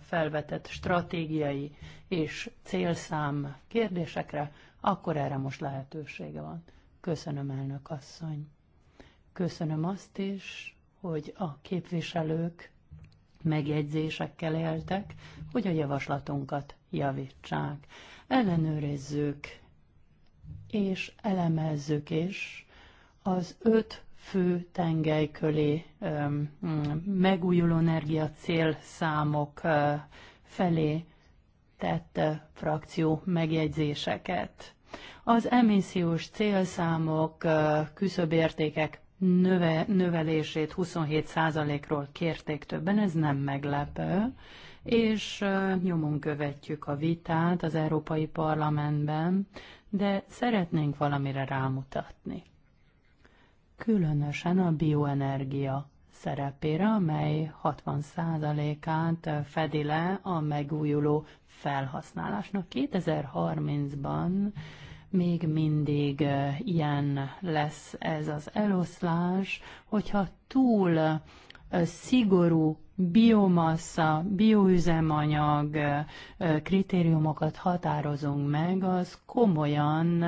felvetett stratégiai és célszám kérdésekre, akkor erre most lehetősége van. Köszönöm, elnök asszony. Köszönöm azt is, hogy a képviselők megjegyzésekkel éltek, hogy a javaslatunkat javítsák. Ellenőrizzük és elemezzük is az öt fő tengely köré megújuló energia célszámok felé tette frakció megjegyzéseket. Az emissziós célszámok, küszöbértékek növe, növelését 27%-ról kérték többen, ez nem meglepő, és nyomon követjük a vitát az Európai Parlamentben, de szeretnénk valamire rámutatni különösen a bioenergia szerepére, amely 60%-át fedi le a megújuló felhasználásnak. 2030-ban még mindig ilyen lesz ez az eloszlás, hogyha túl szigorú biomassa, bioüzemanyag kritériumokat határozunk meg, az komolyan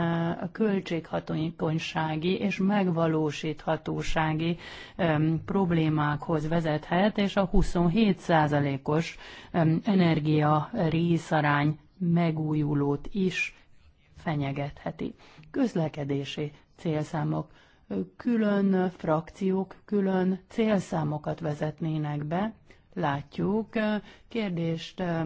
költséghatékonysági és megvalósíthatósági problémákhoz vezethet, és a 27%-os energia részarány megújulót is fenyegetheti. Közlekedési célszámok külön frakciók, külön célszámokat vezetnének be. Látjuk, kérdést eh,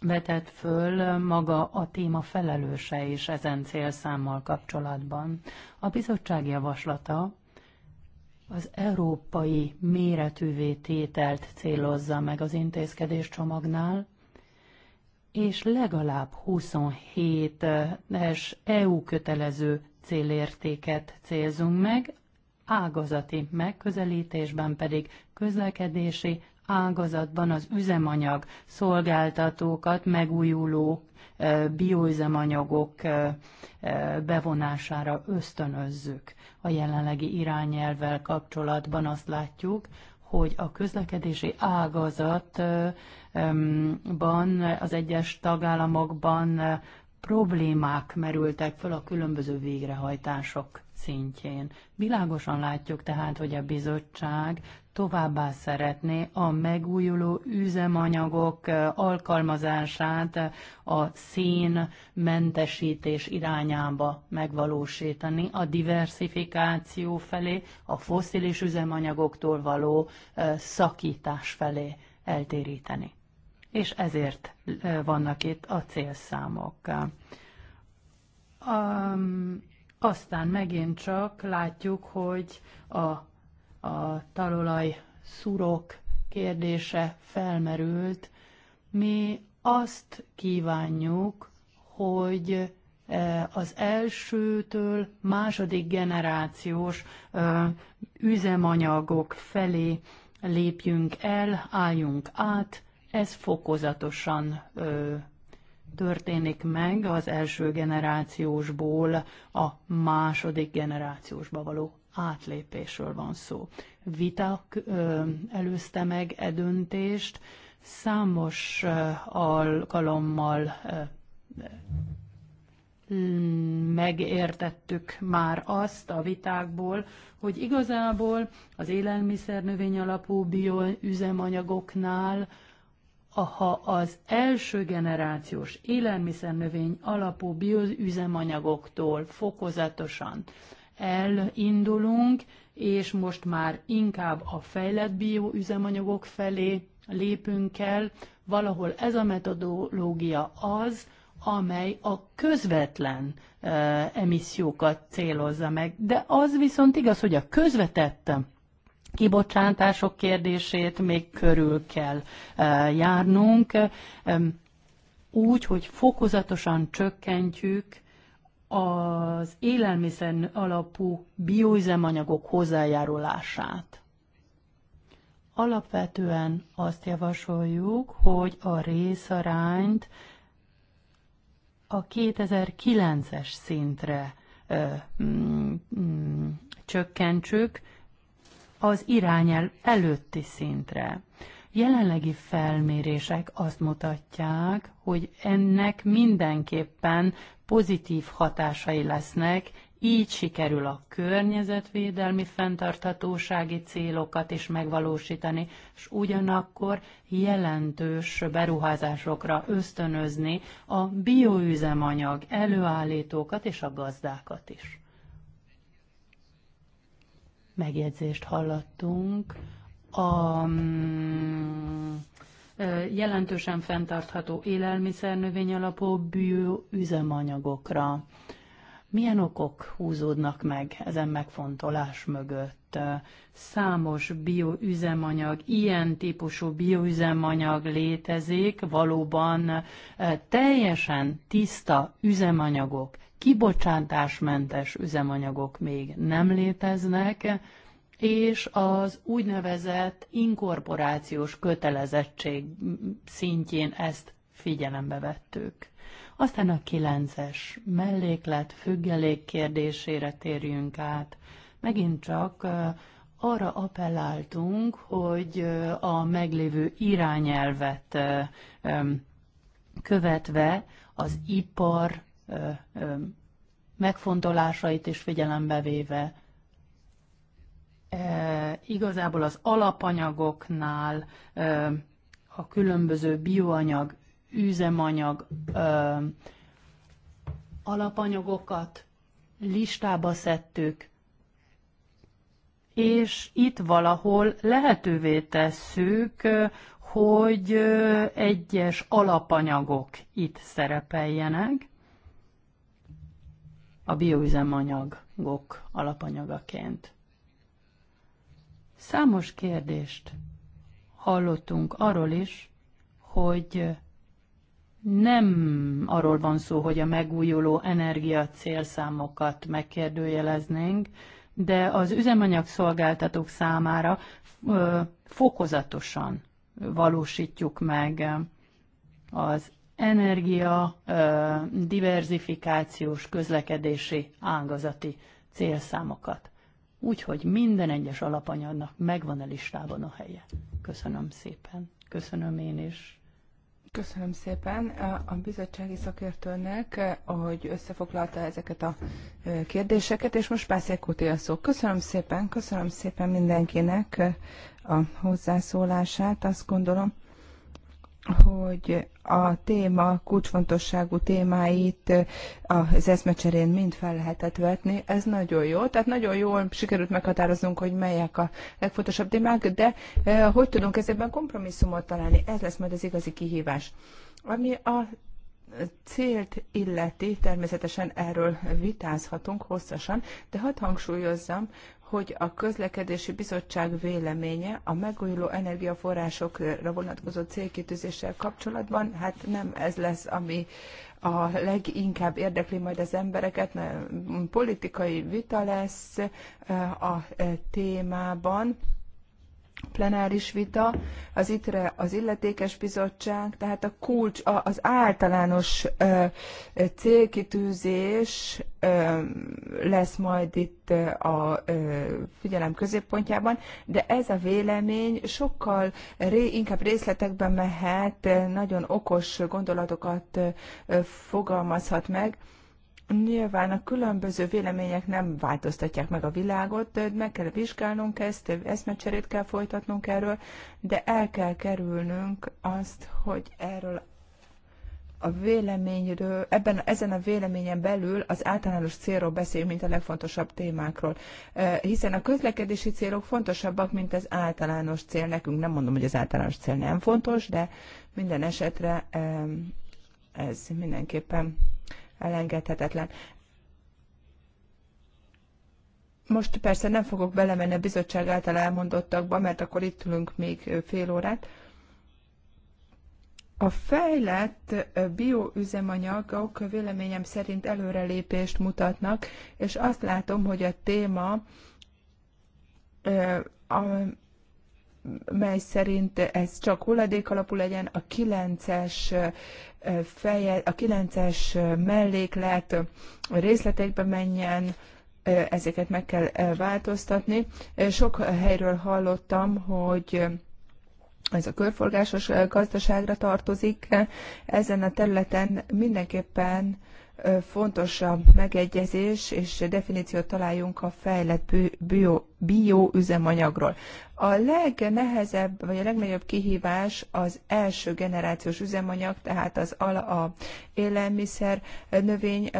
vetett föl maga a téma felelőse is ezen célszámmal kapcsolatban. A bizottság javaslata az európai méretűvé tételt célozza meg az intézkedés csomagnál, és legalább 27-es EU kötelező célértéket célzunk meg, ágazati megközelítésben pedig közlekedési ágazatban az üzemanyag szolgáltatókat megújuló bioüzemanyagok bevonására ösztönözzük. A jelenlegi irányelvvel kapcsolatban azt látjuk, hogy a közlekedési ágazatban, az egyes tagállamokban problémák merültek fel a különböző végrehajtások szintjén. Világosan látjuk tehát, hogy a bizottság továbbá szeretné a megújuló üzemanyagok eh, alkalmazását eh, a szín mentesítés irányába megvalósítani, a diversifikáció felé, a foszilis üzemanyagoktól való eh, szakítás felé eltéríteni és ezért vannak itt a célszámok. Aztán megint csak látjuk, hogy a, a talolaj szurok kérdése felmerült. Mi azt kívánjuk, hogy az elsőtől második generációs üzemanyagok felé lépjünk el, álljunk át, ez fokozatosan ö, történik meg az első generációsból a második generációsba való átlépésről van szó. Vita ö, előzte meg e döntést, számos ö, alkalommal ö, megértettük már azt a vitákból, hogy igazából az élelmiszer növény alapú bioüzemanyagoknál ha az első generációs élelmiszernövény alapú bioüzemanyagoktól fokozatosan elindulunk, és most már inkább a fejlett bioüzemanyagok felé lépünk el, valahol ez a metodológia az, amely a közvetlen e, emissziókat célozza meg. De az viszont igaz, hogy a közvetett kibocsátások kérdését még körül kell eh, járnunk, úgy, hogy fokozatosan csökkentjük az élelmiszer alapú bioüzemanyagok hozzájárulását. Alapvetően azt javasoljuk, hogy a részarányt a 2009-es szintre ö, m, m, csökkentsük, az irányel előtti szintre. Jelenlegi felmérések azt mutatják, hogy ennek mindenképpen pozitív hatásai lesznek, így sikerül a környezetvédelmi fenntarthatósági célokat is megvalósítani, és ugyanakkor jelentős beruházásokra ösztönözni a bioüzemanyag előállítókat és a gazdákat is megjegyzést hallottunk a mm, jelentősen fenntartható élelmiszernövény alapú bioüzemanyagokra. Milyen okok húzódnak meg ezen megfontolás mögött? mert számos bioüzemanyag, ilyen típusú bioüzemanyag létezik, valóban teljesen tiszta üzemanyagok, kibocsátásmentes üzemanyagok még nem léteznek, és az úgynevezett inkorporációs kötelezettség szintjén ezt figyelembe vettük. Aztán a kilences melléklet függelék kérdésére térjünk át. Megint csak arra appelláltunk, hogy a meglévő irányelvet követve az ipar megfontolásait is figyelembe véve igazából az alapanyagoknál a különböző bioanyag, üzemanyag alapanyagokat listába szedtük, és itt valahol lehetővé tesszük, hogy egyes alapanyagok itt szerepeljenek, a bioüzemanyagok alapanyagaként. Számos kérdést hallottunk arról is, hogy nem arról van szó, hogy a megújuló energia célszámokat megkérdőjeleznénk, de az üzemanyagszolgáltatók számára fokozatosan valósítjuk meg az energia diverzifikációs közlekedési ágazati célszámokat. Úgyhogy minden egyes alapanyagnak megvan a listában a helye. Köszönöm szépen. Köszönöm én is. Köszönöm szépen a bizottsági szakértőnek, eh, hogy összefoglalta ezeket a eh, kérdéseket, és most Pászék a szó. Köszönöm szépen, köszönöm szépen mindenkinek eh, a hozzászólását. Azt gondolom, hogy a téma kulcsfontosságú témáit eh, az eszmecserén mind fel lehetett vetni. Ez nagyon jó. Tehát nagyon jól sikerült meghatároznunk, hogy melyek a legfontosabb témák, de eh, hogy tudunk ezekben kompromisszumot találni? Ez lesz majd az igazi kihívás. Ami a célt illeti, természetesen erről vitázhatunk hosszasan, de hadd hangsúlyozzam, hogy a közlekedési bizottság véleménye a megújuló energiaforrásokra vonatkozó célkitűzéssel kapcsolatban, hát nem ez lesz, ami a leginkább érdekli majd az embereket, politikai vita lesz a témában plenáris vita, az ITRE az illetékes bizottság, tehát a kulcs, az általános célkitűzés lesz majd itt a figyelem középpontjában, de ez a vélemény sokkal ré, inkább részletekben mehet, nagyon okos gondolatokat fogalmazhat meg, Nyilván a különböző vélemények nem változtatják meg a világot, de meg kell vizsgálnunk ezt, eszmecserét kell folytatnunk erről, de el kell kerülnünk azt, hogy erről a véleményről, ebben, ezen a véleményen belül az általános célról beszél, mint a legfontosabb témákról. Eh, hiszen a közlekedési célok fontosabbak, mint az általános cél. Nekünk nem mondom, hogy az általános cél nem fontos, de minden esetre eh, ez mindenképpen elengedhetetlen. Most persze nem fogok belemenni a bizottság által elmondottakba, mert akkor itt ülünk még fél órát. A fejlett bioüzemanyagok véleményem szerint előrelépést mutatnak, és azt látom, hogy a téma mely szerint ez csak hulladék alapú legyen, a 9-es feje, a 9-es melléklet részletekbe menjen, ezeket meg kell változtatni. Sok helyről hallottam, hogy ez a körforgásos gazdaságra tartozik. Ezen a területen mindenképpen fontos a megegyezés és definíciót találjunk a fejlett bioüzemanyagról. Bio a legnehezebb, vagy a legnagyobb kihívás az első generációs üzemanyag, tehát az ala, a élelmiszer, növény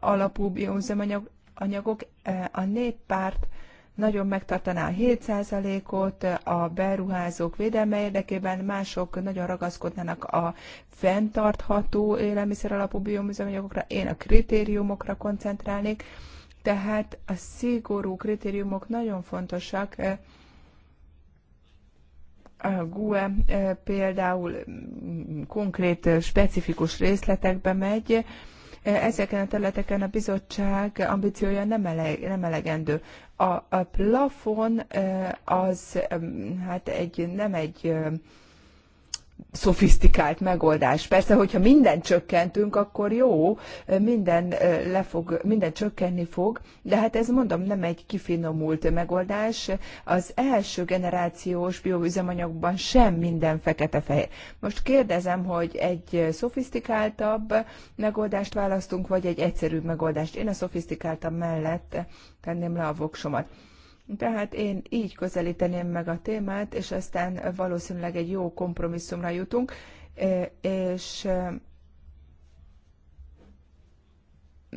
alapú bioüzemanyag, anyagok, a néppárt nagyon megtartaná a 7%-ot a beruházók védelme érdekében, mások nagyon ragaszkodnának a fenntartható élelmiszer alapú bioműzemanyagokra, én a kritériumokra koncentrálnék, tehát a szigorú kritériumok nagyon fontosak, GUE eh, például mm, konkrét, eh, specifikus részletekbe megy, eh, ezeken a területeken a bizottság ambíciója nem, eleg, nem elegendő. A, a plafon az mm, hát egy, nem egy szofisztikált megoldás. Persze, hogyha minden csökkentünk, akkor jó, minden, le fog, minden csökkenni fog, de hát ez mondom, nem egy kifinomult megoldás. Az első generációs bioüzemanyagban sem minden fekete-fehér. Most kérdezem, hogy egy szofisztikáltabb megoldást választunk, vagy egy egyszerűbb megoldást. Én a szofisztikáltabb mellett tenném le a voksomat. Tehát én így közelíteném meg a témát, és aztán valószínűleg egy jó kompromisszumra jutunk, e, és e,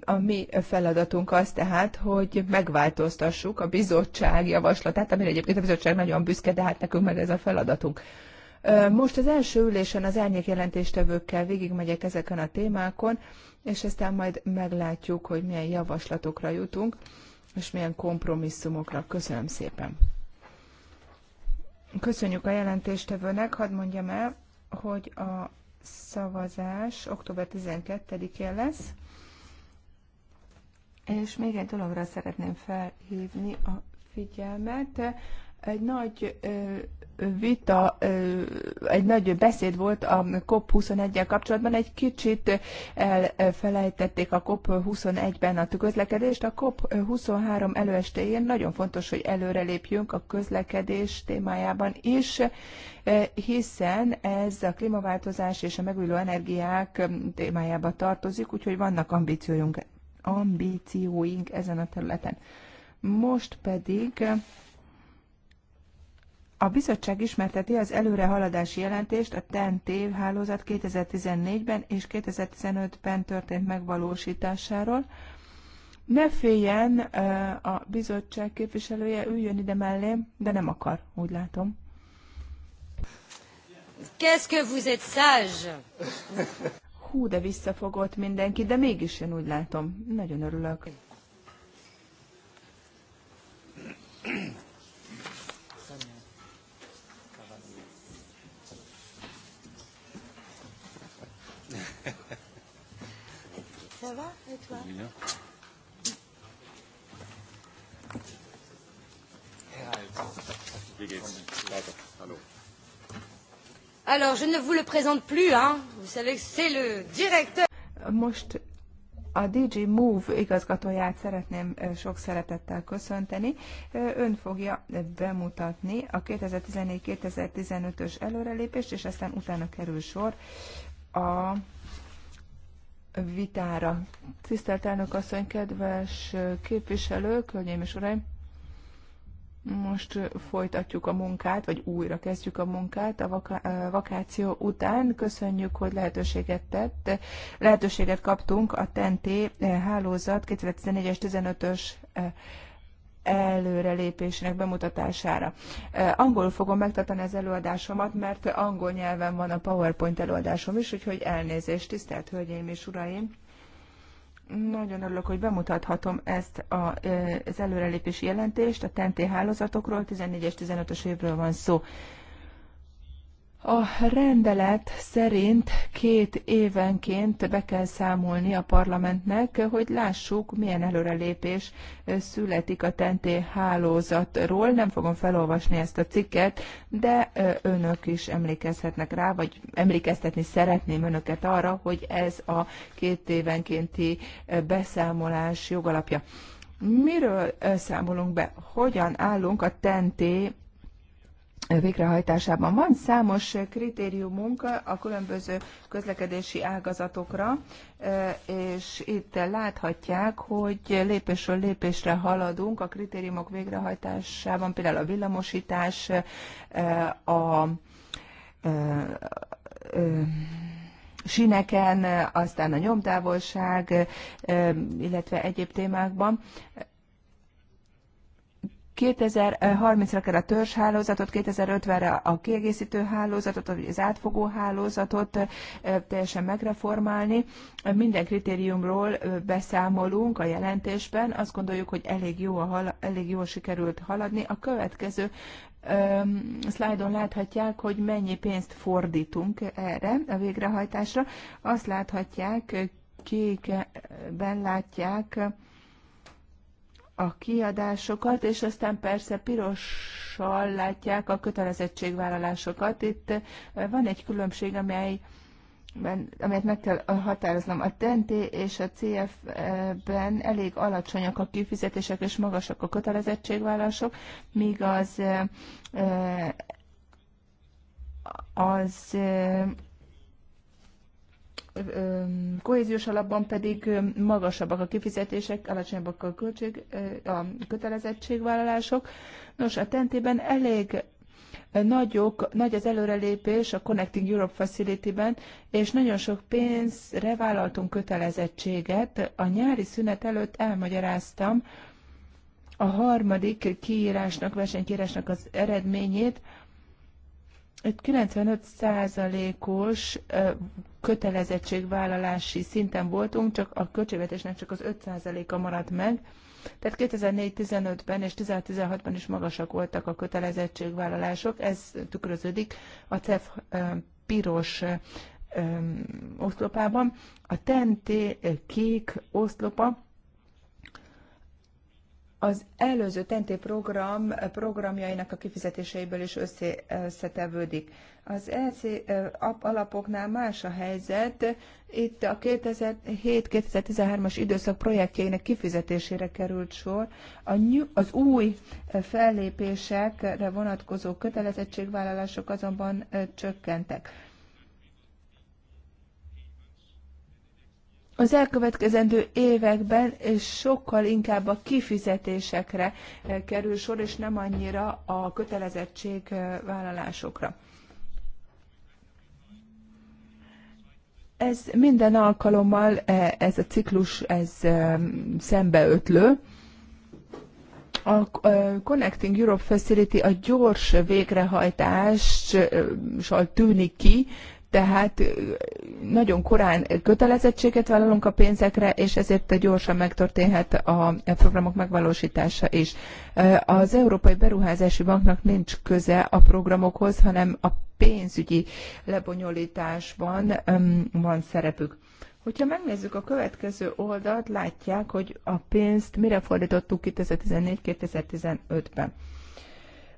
a mi feladatunk az tehát, hogy megváltoztassuk a bizottság javaslatát, amire egyébként a bizottság nagyon büszke, de hát nekünk meg ez a feladatunk. E, most az első ülésen az árnyék jelentéstevőkkel végigmegyek ezeken a témákon, és aztán majd meglátjuk, hogy milyen javaslatokra jutunk és milyen kompromisszumokra. Köszönöm szépen. Köszönjük a jelentéstevőnek. Hadd mondjam el, hogy a szavazás október 12-én lesz. És még egy dologra szeretném felhívni a figyelmet. Egy nagy vita, egy nagy beszéd volt a COP21-el kapcsolatban, egy kicsit elfelejtették a COP21-ben a közlekedést. A COP23 előestéjén nagyon fontos, hogy előrelépjünk a közlekedés témájában is, hiszen ez a klímaváltozás és a megújuló energiák témájába tartozik, úgyhogy vannak ambícióink, ambícióink ezen a területen. Most pedig a bizottság ismerteti az előrehaladási jelentést a TNT hálózat 2014-ben és 2015-ben történt megvalósításáról. Ne féljen, a bizottság képviselője üljön ide mellém, de nem akar, úgy látom. Qu'est-ce que vous êtes sage? Hú, de visszafogott mindenki, de mégis én úgy látom. Nagyon örülök. Ça va et toi Bien. Hallo. Alors, je ne vous le présente plus, hein. Vous savez que c'est le directeur. Most a DJ Move igazgatóját szeretném eh, sok szeretettel köszönteni. Eh, ön fogja bemutatni a 2014-2015-ös előrelépést, és aztán utána kerül sor a vitára. Tisztelt elnök asszony, kedves képviselők, hölgyeim és uraim! Most folytatjuk a munkát, vagy újra kezdjük a munkát a vakáció után. Köszönjük, hogy lehetőséget tett, lehetőséget kaptunk a TNT hálózat 2014-es 15-ös előrelépésnek bemutatására. Angolul fogom megtartani az előadásomat, mert angol nyelven van a PowerPoint előadásom is, úgyhogy elnézést, tisztelt Hölgyeim és Uraim! Nagyon örülök, hogy bemutathatom ezt a, az előrelépési jelentést. A TNT hálózatokról 14 és 15-ös évről van szó. A rendelet szerint két évenként be kell számolni a parlamentnek, hogy lássuk, milyen előrelépés születik a TNT hálózatról. Nem fogom felolvasni ezt a cikket, de önök is emlékezhetnek rá, vagy emlékeztetni szeretném önöket arra, hogy ez a két évenkénti beszámolás jogalapja. Miről számolunk be? Hogyan állunk a TNT végrehajtásában. Van számos kritériumunk a különböző közlekedési ágazatokra, e, és itt láthatják, hogy lépésről lépésre haladunk a kritériumok végrehajtásában, például a villamosítás, e, a, e, sineken, aztán a nyomtávolság, illetve egyéb témákban. 2030-ra kell a törzshálózatot, 2050-re a kiegészítő hálózatot, az átfogó hálózatot teljesen megreformálni. Minden kritériumról beszámolunk a jelentésben. Azt gondoljuk, hogy elég jó, a elég jól sikerült haladni. A következő szlájdon láthatják, hogy mennyi pénzt fordítunk erre a végrehajtásra. Azt láthatják, kékben látják, a kiadásokat, és aztán persze pirossal látják a kötelezettségvállalásokat. Itt eh, van egy különbség, amely amelyet meg kell eh, határoznom. A TNT és a CF-ben elég alacsonyak a kifizetések és magasak a kötelezettségvállások, míg az eh, az kohéziós alapban pedig magasabbak a kifizetések, alacsonyabbak a, költség, a kötelezettségvállalások. Nos, a tentében elég nagyok, nagy az előrelépés a Connecting Europe Facility-ben, és nagyon sok pénzre vállaltunk kötelezettséget. A nyári szünet előtt elmagyaráztam a harmadik kiírásnak, versenykiírásnak az eredményét, 95%-os kötelezettségvállalási szinten voltunk, csak a költségvetésnek csak az 5%-a maradt meg. Tehát 2004 15 ben és 2016-ban is magasak voltak a kötelezettségvállalások, ez tükröződik a CEF piros oszlopában. A TNT kék oszlopa az előző tenté program programjainak a kifizetéseiből is összetevődik. Az EC alapoknál más a helyzet. Itt a 2007-2013-as időszak projektjeinek kifizetésére került sor. A ny- az új fellépésekre vonatkozó kötelezettségvállalások azonban csökkentek. az elkövetkezendő években sokkal inkább a kifizetésekre eh, kerül sor, és nem annyira a kötelezettségvállalásokra. Eh, ez minden alkalommal, eh, ez a ciklus, ez szembeötlő. A Connecting Europe Facility a gyors végrehajtással tűnik ki, tehát nagyon korán kötelezettséget vállalunk a pénzekre, és ezért gyorsan megtörténhet a programok megvalósítása is. Az Európai Beruházási Banknak nincs köze a programokhoz, hanem a pénzügyi lebonyolításban van szerepük. Hogyha megnézzük a következő oldalt, látják, hogy a pénzt mire fordítottuk 2014-2015-ben.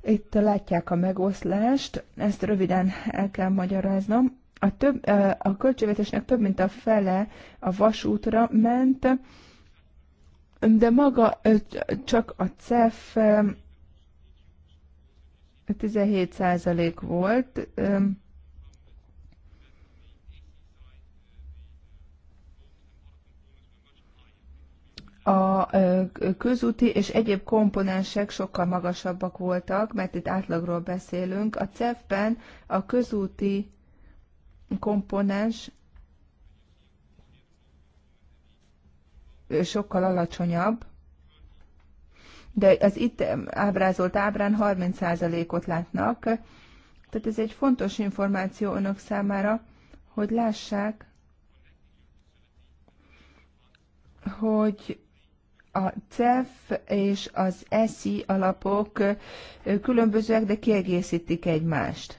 Itt látják a megoszlást, ezt röviden el kell magyaráznom. A, több, a költségvetésnek több mint a fele a vasútra ment, de maga csak a CEF 17% volt, a közúti és egyéb komponensek sokkal magasabbak voltak, mert itt átlagról beszélünk. A CEF-ben a közúti komponens sokkal alacsonyabb, de az itt ábrázolt ábrán 30%-ot látnak. Tehát ez egy fontos információ önök számára, hogy lássák, hogy a CEF és az ESI alapok különbözőek, de kiegészítik egymást.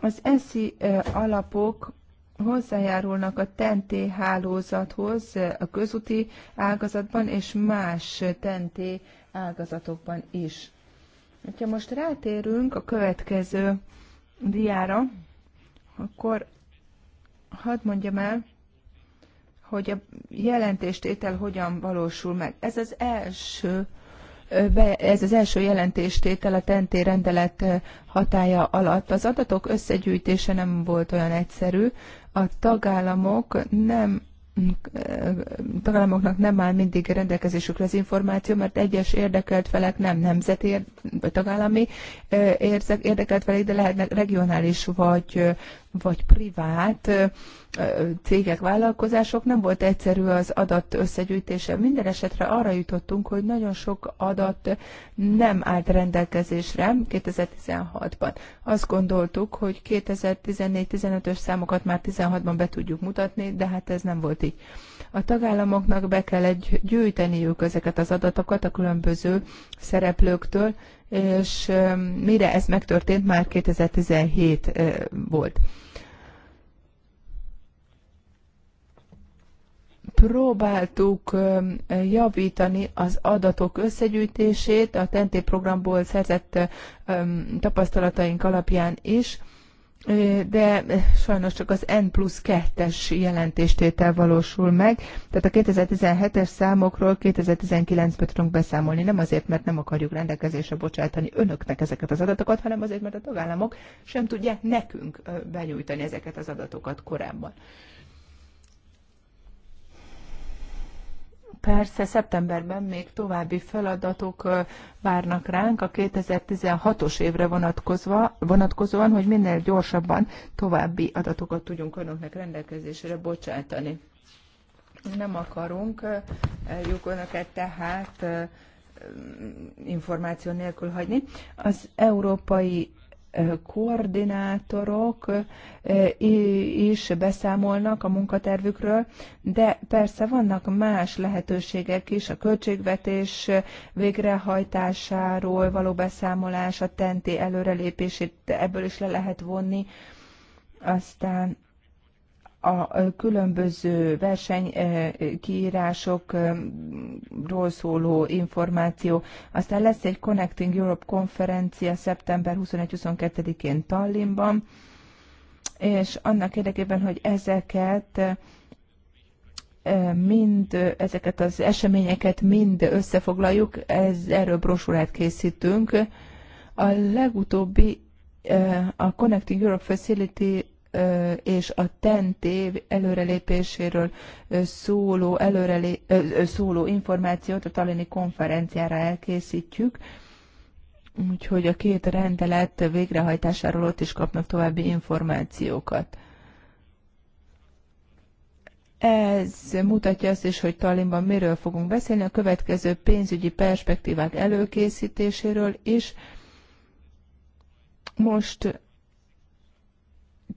Az ESI alapok hozzájárulnak a TNT e hálózathoz a közúti ágazatban és más TNT e ágazatokban is. Ha most rátérünk a következő diára, akkor hadd mondjam el, hogy a jelentéstétel hogyan valósul meg. Ez az első ez az első jelentéstétel a tenté rendelet hatája alatt. Az adatok összegyűjtése nem volt olyan egyszerű. A tagállamok nem tagállamoknak nem áll mindig rendelkezésükre az információ, mert egyes érdekelt felek nem nemzeti vagy tagállami érdekelt felek, de lehetnek regionális vagy vagy privát cégek, vállalkozások, nem volt egyszerű az adat összegyűjtése. Minden esetre arra jutottunk, hogy nagyon sok adat nem állt rendelkezésre 2016-ban. Azt gondoltuk, hogy 2014-15-ös számokat már 16-ban be tudjuk mutatni, de hát ez nem volt így. A tagállamoknak be kell egy gyűjteniük ezeket az adatokat a különböző szereplőktől, és mire ez megtörtént, már 2017 volt. próbáltuk javítani az adatok összegyűjtését a TNT programból szerzett tapasztalataink alapján is, de sajnos csak az N plusz 2-es jelentéstétel valósul meg, tehát a 2017-es számokról 2019-ben tudunk beszámolni, nem azért, mert nem akarjuk rendelkezésre bocsátani önöknek ezeket az adatokat, hanem azért, mert a tagállamok sem tudják nekünk benyújtani ezeket az adatokat korábban. Persze szeptemberben még további feladatok várnak ránk a 2016-os évre vonatkozva, vonatkozóan, hogy minél gyorsabban további adatokat tudjunk önöknek rendelkezésre bocsátani. Nem akarunk eljük önöket tehát információ nélkül hagyni. Az Európai koordinátorok is beszámolnak a munkatervükről, de persze vannak más lehetőségek is, a költségvetés végrehajtásáról való beszámolás, a tenti előrelépését ebből is le lehet vonni, aztán a különböző versenykiírásokról eh, szóló információ. Aztán lesz egy Connecting Europe konferencia szeptember 21-22-én Tallinnban, és annak érdekében, hogy ezeket eh, mind ezeket az eseményeket mind összefoglaljuk, ez, erről brosúrát készítünk. A legutóbbi eh, a Connecting Europe Facility és a e év előrelépéséről szóló, előrelé, szóló információt a talini konferenciára elkészítjük, úgyhogy a két rendelet végrehajtásáról ott is kapnak további információkat. Ez mutatja azt is, hogy Tallinnban miről fogunk beszélni, a következő pénzügyi perspektívák előkészítéséről is. Most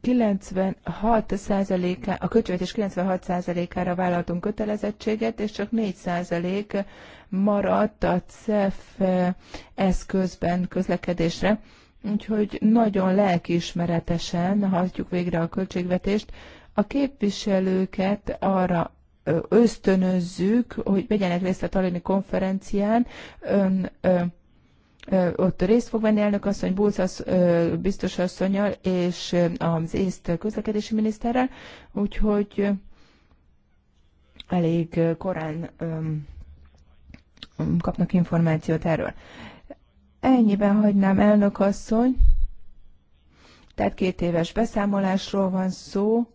96%-á, a költségvetés 96%-ára vállaltunk kötelezettséget, és csak 4% maradt a CEF eszközben közlekedésre. Úgyhogy nagyon lelkiismeretesen hajtjuk végre a költségvetést. A képviselőket arra ösztönözzük, hogy vegyenek részt a Talini konferencián. Ön, ön ott részt fog venni elnökasszony, Bulcasz biztos asszonyjal és az észt közlekedési miniszterrel, úgyhogy elég korán kapnak információt erről. Ennyiben hagynám elnökasszony, tehát két éves beszámolásról van szó.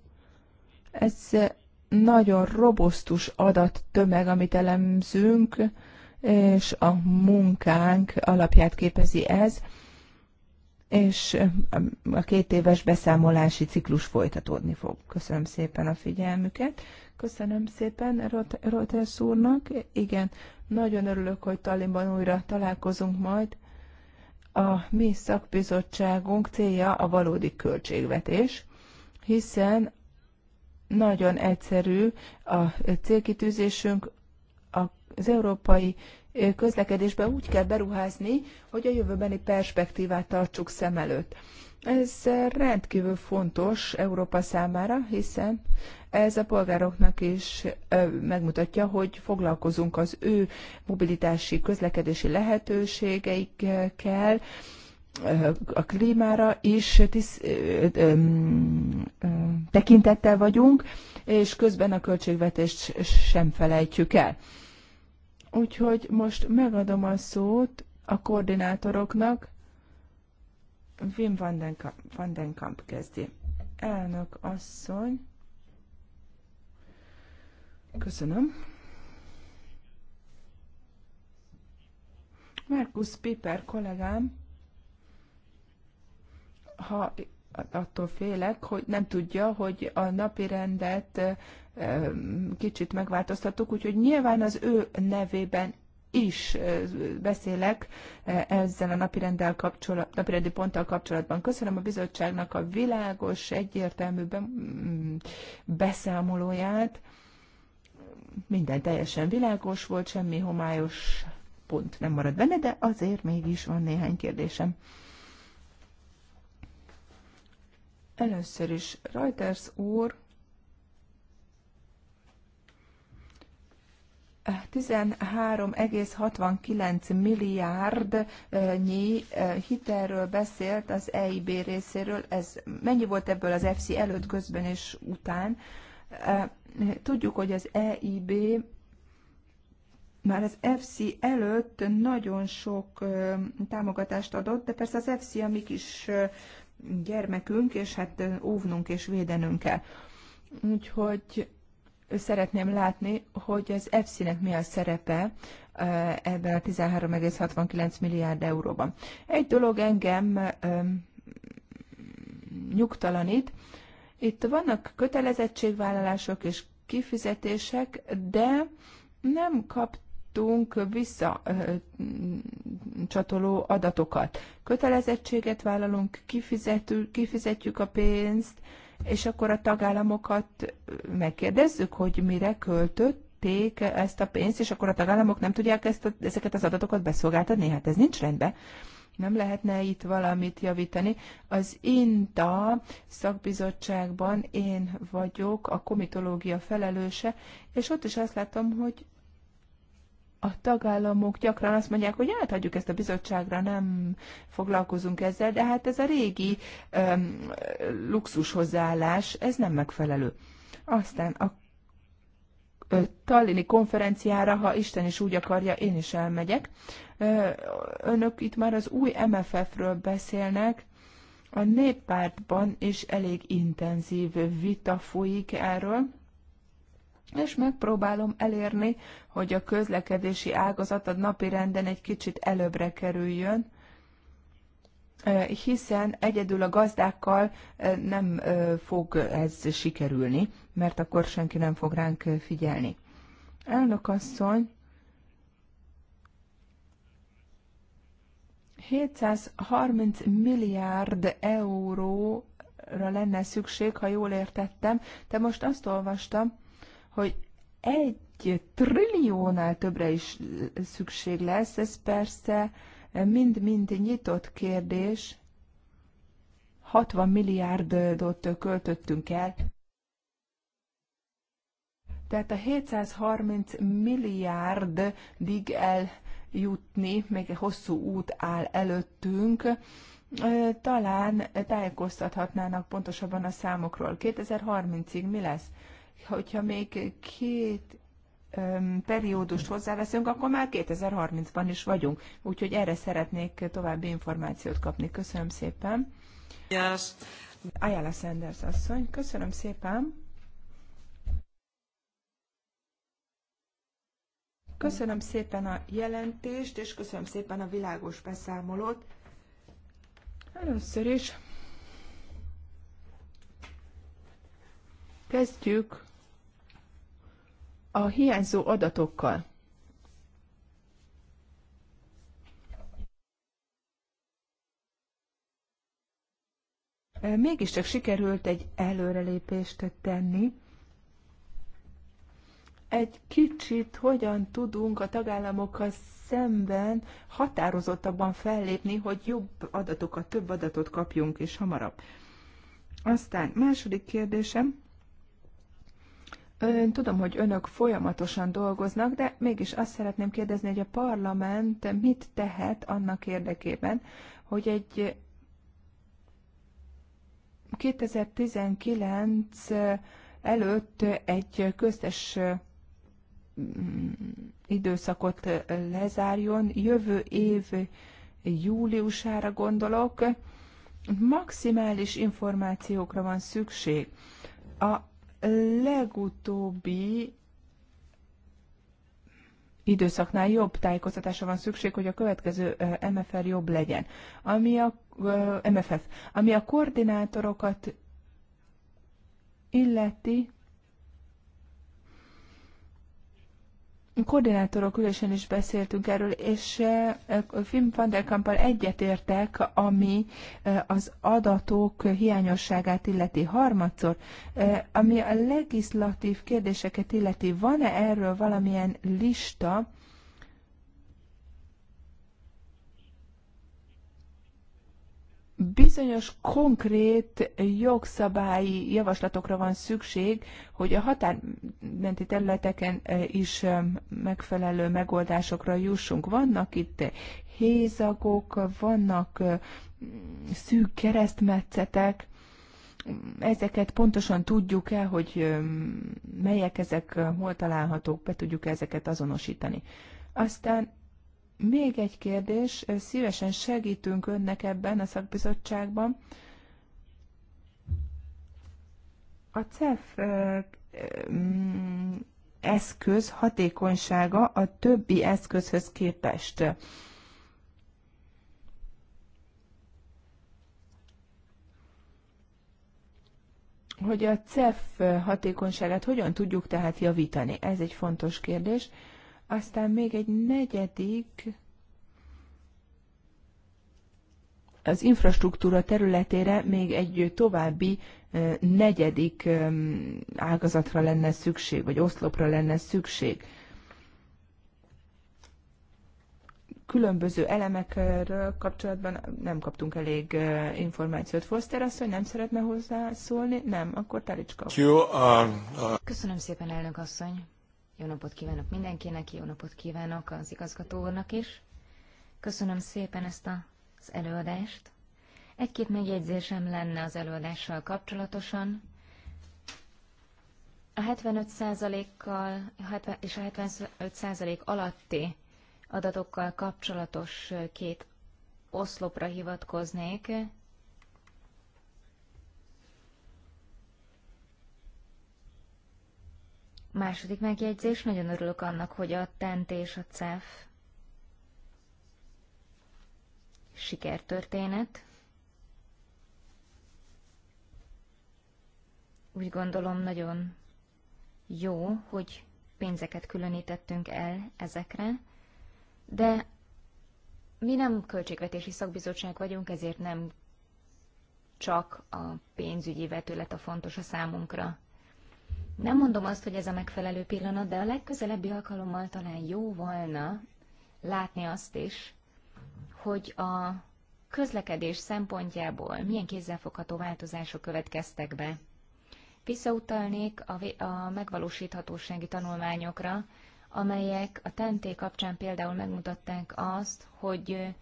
Ez nagyon robusztus adattömeg, amit elemzünk, és a munkánk alapját képezi ez, és um, a két éves beszámolási ciklus folytatódni fog. Köszönöm szépen a figyelmüket. Köszönöm szépen Rotesz úrnak. Igen, nagyon örülök, hogy Tallinnban újra találkozunk majd. A mi szakbizottságunk célja a valódi költségvetés, hiszen nagyon egyszerű a célkitűzésünk, az európai közlekedésbe úgy kell beruházni, hogy a jövőbeni perspektívát tartsuk szem előtt. Ez rendkívül fontos Európa számára, hiszen ez a polgároknak is megmutatja, hogy foglalkozunk az ő mobilitási, közlekedési lehetőségeikkel, a klímára is tisz, ö, ö, ö, tekintettel vagyunk, és közben a költségvetést sem felejtjük el. Úgyhogy most megadom a szót a koordinátoroknak. Wim van den Kamp, kezdi. Elnök asszony. Köszönöm. Markus Piper kollégám, ha attól félek, hogy nem tudja, hogy a napi rendet kicsit megváltoztattuk, úgyhogy nyilván az ő nevében is beszélek ezzel a napirenddel kapcsolat, napirendi ponttal kapcsolatban. Köszönöm a bizottságnak a világos, egyértelmű beszámolóját. Minden teljesen világos volt, semmi homályos pont nem maradt benne, de azért mégis van néhány kérdésem. Először is Reuters úr 13,69 milliárd nyi hitelről beszélt az EIB részéről. Ez mennyi volt ebből az FC előtt, közben és után? Eh, tudjuk, hogy az EIB már az FC előtt nagyon sok eh, támogatást adott, de persze az FC a mi kis eh, gyermekünk, és hát óvnunk és védenünk kell. Úgyhogy szeretném látni, hogy az EFSZ-nek mi a szerepe ebben a 13,69 milliárd euróban. Egy dolog engem nyugtalanít. Itt vannak kötelezettségvállalások és kifizetések, de nem kap kaptunk visszacsatoló adatokat. Kötelezettséget vállalunk, kifizetjük a pénzt, és akkor a tagállamokat megkérdezzük, hogy mire költötték ezt a pénzt, és akkor a tagállamok nem tudják ezt a, ezeket az adatokat beszolgáltatni. Hát ez nincs rendben nem lehetne itt valamit javítani. Az INTA szakbizottságban én vagyok a komitológia felelőse, és ott is azt látom, hogy a tagállamok gyakran azt mondják, hogy átadjuk ezt a bizottságra, nem foglalkozunk ezzel, de hát ez a régi um, luxus hozzáállás, ez nem megfelelő. Aztán a Tallini konferenciára, ha Isten is úgy akarja, én is elmegyek. Önök itt már az új MFF-ről beszélnek, a néppártban is elég intenzív vita folyik erről és megpróbálom elérni, hogy a közlekedési ágazat a napi renden egy kicsit előbbre kerüljön, hiszen egyedül a gazdákkal nem fog ez sikerülni, mert akkor senki nem fog ránk figyelni. Elnök asszony, 730 milliárd euróra lenne szükség, ha jól értettem, de most azt olvastam, hogy egy trilliónál többre is szükség lesz, ez persze mind-mind nyitott kérdés. 60 milliárdot költöttünk el. Tehát a 730 milliárdig eljutni, még egy hosszú út áll előttünk talán tájékoztathatnának pontosabban a számokról. 2030-ig mi lesz? hogyha még két periódust hozzáveszünk, akkor már 2030-ban is vagyunk. Úgyhogy erre szeretnék további információt kapni. Köszönöm szépen. Yes. Ayala Sanders asszony, köszönöm szépen. Köszönöm szépen a jelentést, és köszönöm szépen a világos beszámolót. Először is kezdjük a hiányzó adatokkal. Mégiscsak sikerült egy előrelépést tenni. Egy kicsit hogyan tudunk a tagállamokkal szemben határozottabban fellépni, hogy jobb adatokat, több adatot kapjunk és hamarabb. Aztán második kérdésem. Ön, tudom, hogy önök folyamatosan dolgoznak, de mégis azt szeretném kérdezni, hogy a parlament mit tehet annak érdekében, hogy egy 2019 előtt egy köztes mm, időszakot lezárjon, jövő év júliusára gondolok, maximális információkra van szükség. A legutóbbi időszaknál jobb tájékoztatásra van szükség, hogy a következő MFR jobb legyen. Ami a, MFF, ami a koordinátorokat illeti, koordinátorok ülésen is beszéltünk erről, és eh, eh, Fim van der Kampal egyetértek, ami eh, az adatok hiányosságát illeti harmadszor, ami a legislatív kérdéseket illeti, van-e erről valamilyen lista, bizonyos konkrét jogszabályi javaslatokra van szükség, hogy a határmenti területeken e, is e, megfelelő megoldásokra jussunk. Vannak itt hézagok, vannak e, szűk keresztmetszetek, ezeket pontosan tudjuk el, hogy melyek ezek, hol találhatók, be tudjuk ezeket azonosítani. Aztán még egy kérdés, szívesen segítünk önnek ebben a szakbizottságban. A CEF eszköz hatékonysága a többi eszközhöz képest. Hogy a CEF hatékonyságát hogyan tudjuk tehát javítani? Ez egy fontos kérdés. Aztán még egy negyedik az infrastruktúra területére még egy további negyedik ágazatra lenne szükség, vagy oszlopra lenne szükség. Különböző elemekről kapcsolatban nem kaptunk elég információt. Foster asszony nem szeretne hozzászólni? Nem, akkor Talicska. Köszönöm szépen, elnök asszony. Jó napot kívánok mindenkinek, jó napot kívánok az igazgató úrnak is. Köszönöm szépen ezt a, az előadást. Egy-két megjegyzésem lenne az előadással kapcsolatosan. A 75%-kal és a 75% alatti adatokkal kapcsolatos két oszlopra hivatkoznék. Második megjegyzés, nagyon örülök annak, hogy a TENT e és a CEF sikertörténet. Úgy gondolom nagyon jó, hogy pénzeket különítettünk el ezekre, de mi nem költségvetési szakbizottság vagyunk, ezért nem csak a pénzügyi vetület a fontos a számunkra. Nem mondom azt, hogy ez a megfelelő pillanat, de a legközelebbi alkalommal talán jó volna látni azt is, hogy a közlekedés szempontjából milyen kézzelfogható változások következtek be. Visszautalnék a, a megvalósíthatósági tanulmányokra, amelyek a tenté kapcsán például megmutatták azt, hogy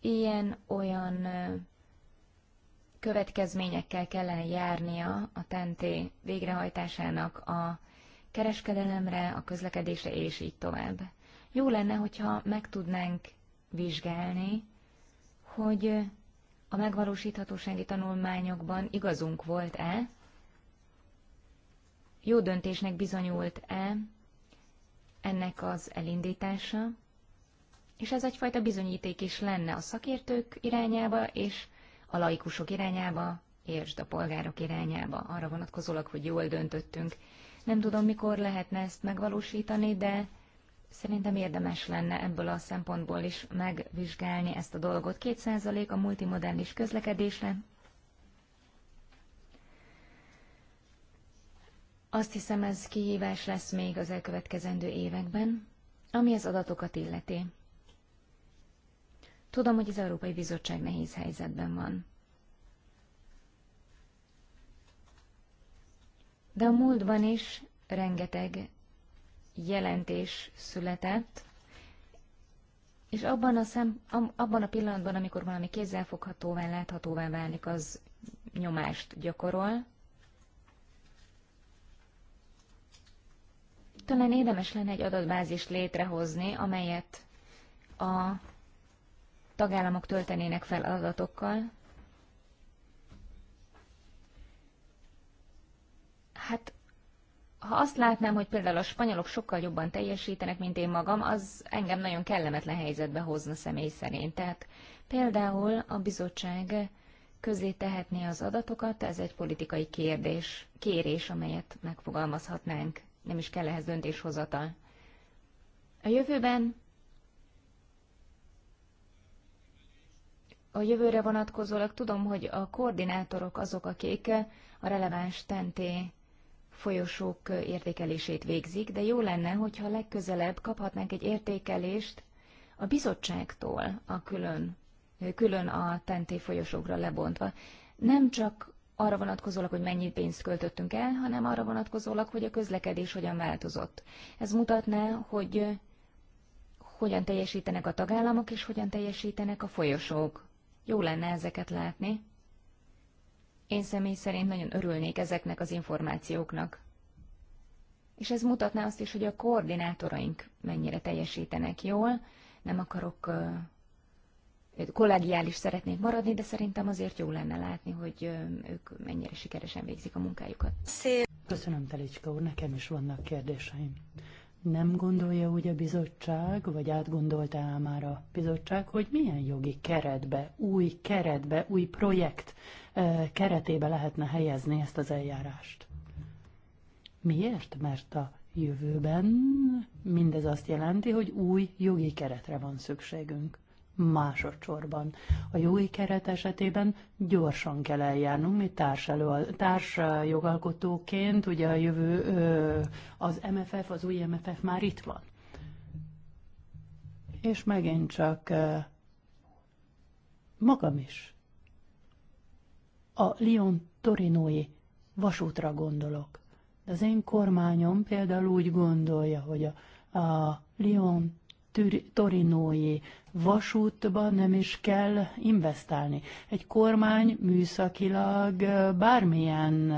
ilyen-olyan következményekkel kellene járnia a tenté végrehajtásának a kereskedelemre, a közlekedésre és így tovább. Jó lenne, hogyha meg tudnánk vizsgálni, hogy a megvalósíthatósági tanulmányokban igazunk volt-e, jó döntésnek bizonyult-e ennek az elindítása, és ez egyfajta bizonyíték is lenne a szakértők irányába, és a laikusok irányába, és a polgárok irányába, arra vonatkozólag, hogy jól döntöttünk. Nem tudom, mikor lehetne ezt megvalósítani, de szerintem érdemes lenne ebből a szempontból is megvizsgálni ezt a dolgot. 2% a multimodernis közlekedésre. Azt hiszem, ez kihívás lesz még az elkövetkezendő években, ami az adatokat illeti. Tudom, hogy az Európai Bizottság nehéz helyzetben van. De a múltban is rengeteg jelentés született, és abban a, szem, abban a pillanatban, amikor valami kézzelfoghatóvá, láthatóvá válik, az nyomást gyakorol. Talán érdemes lenne egy adatbázist létrehozni, amelyet a tagállamok töltenének fel adatokkal. Hát, ha azt látnám, hogy például a spanyolok sokkal jobban teljesítenek, mint én magam, az engem nagyon kellemetlen helyzetbe hozna személy szerint. Tehát például a bizottság közé tehetné az adatokat, ez egy politikai kérdés, kérés, amelyet megfogalmazhatnánk. Nem is kell ehhez döntéshozatal. A jövőben a jövőre vonatkozólag tudom, hogy a koordinátorok azok, akik a releváns tenté folyosók értékelését végzik, de jó lenne, hogyha legközelebb kaphatnánk egy értékelést a bizottságtól a külön, külön a tenté folyosókra lebontva. Nem csak arra vonatkozólag, hogy mennyi pénzt költöttünk el, hanem arra vonatkozólag, hogy a közlekedés hogyan változott. Ez mutatná, hogy hogyan teljesítenek a tagállamok és hogyan teljesítenek a folyosók. Jó lenne ezeket látni. Én személy szerint nagyon örülnék ezeknek az információknak. És ez mutatná azt is, hogy a koordinátoraink mennyire teljesítenek jól. Nem akarok kollegiális szeretnék maradni, de szerintem azért jó lenne látni, hogy ők mennyire sikeresen végzik a munkájukat. Szép. Köszönöm, Telicska úr, nekem is vannak kérdéseim. Nem gondolja úgy a bizottság, vagy átgondolta már a bizottság, hogy milyen jogi keretbe, új keretbe, új projekt eh, keretébe lehetne helyezni ezt az eljárást? Miért? Mert a jövőben mindez azt jelenti, hogy új jogi keretre van szükségünk. Másodszorban a jogi keret esetében gyorsan kell eljárnunk, mi társ, elő, társ jogalkotóként, ugye a jövő az MFF, az új MFF már itt van. És megint csak magam is a Lyon-Torinói vasútra gondolok. De az én kormányom például úgy gondolja, hogy a, a Lyon torinói vasútba nem is kell investálni. Egy kormány műszakilag bármilyen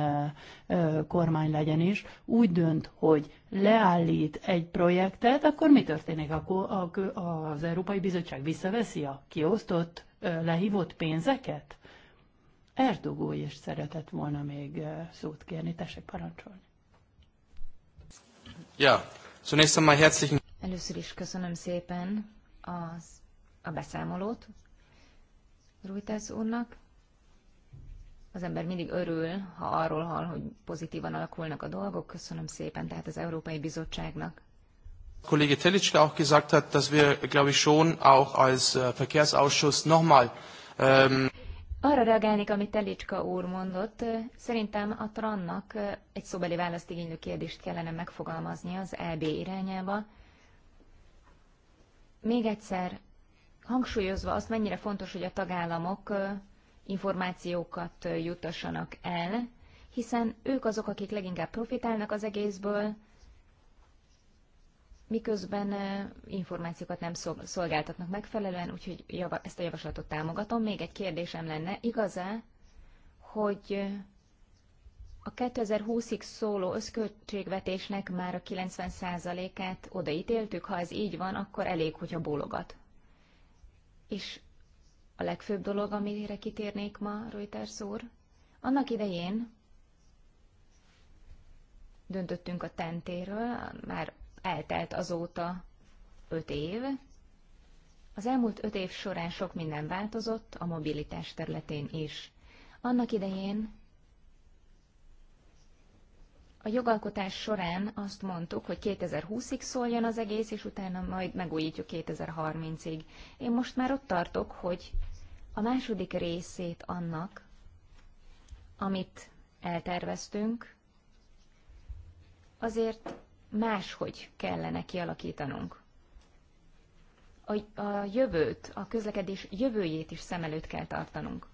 kormány legyen is, úgy dönt, hogy leállít egy projektet, akkor mi történik? Akkor az Európai Bizottság visszaveszi a kiosztott, lehívott pénzeket? Erdogó is szeretett volna még szót kérni. Tessék parancsolni. Ja, zunächst einmal herzlichen Először is köszönöm szépen az, a beszámolót Rújtász úrnak. Az ember mindig örül, ha arról hall, hogy pozitívan alakulnak a dolgok. Köszönöm szépen tehát az Európai Bizottságnak. Kollege Telitschke auch gesagt hat, dass wir, glaube ich, schon auch als äh, Verkehrsausschuss nochmal ähm, arra reagálnék, amit Telicska úr mondott. Szerintem a Trannak äh, egy szóbeli választ igénylő kérdést kellene megfogalmazni az EB irányába, még egyszer hangsúlyozva azt, mennyire fontos, hogy a tagállamok információkat jutassanak el, hiszen ők azok, akik leginkább profitálnak az egészből, miközben információkat nem szolgáltatnak megfelelően, úgyhogy ezt a javaslatot támogatom. Még egy kérdésem lenne, igaz-e, hogy a 2020-ig szóló összköltségvetésnek már a 90%-át odaítéltük, ha ez így van, akkor elég, hogyha bólogat. És a legfőbb dolog, amire kitérnék ma, Reuters úr, annak idején döntöttünk a tentéről, már eltelt azóta öt év. Az elmúlt öt év során sok minden változott, a mobilitás területén is. Annak idején a jogalkotás során azt mondtuk, hogy 2020-ig szóljon az egész, és utána majd megújítjuk 2030-ig. Én most már ott tartok, hogy a második részét annak, amit elterveztünk, azért máshogy kellene kialakítanunk. A, a jövőt, a közlekedés jövőjét is szem előtt kell tartanunk.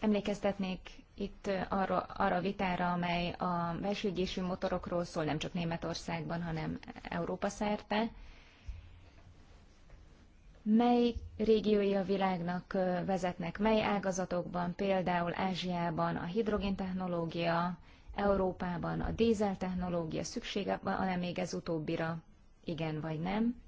Emlékeztetnék itt arra, arra vitára, amely a belső motorokról szól, nem csak Németországban, hanem Európa szerte. Mely régiói a világnak vezetnek, mely ágazatokban, például Ázsiában a hidrogéntechnológia, Európában a dízeltechnológia szüksége van-e még ez utóbbira, igen vagy nem?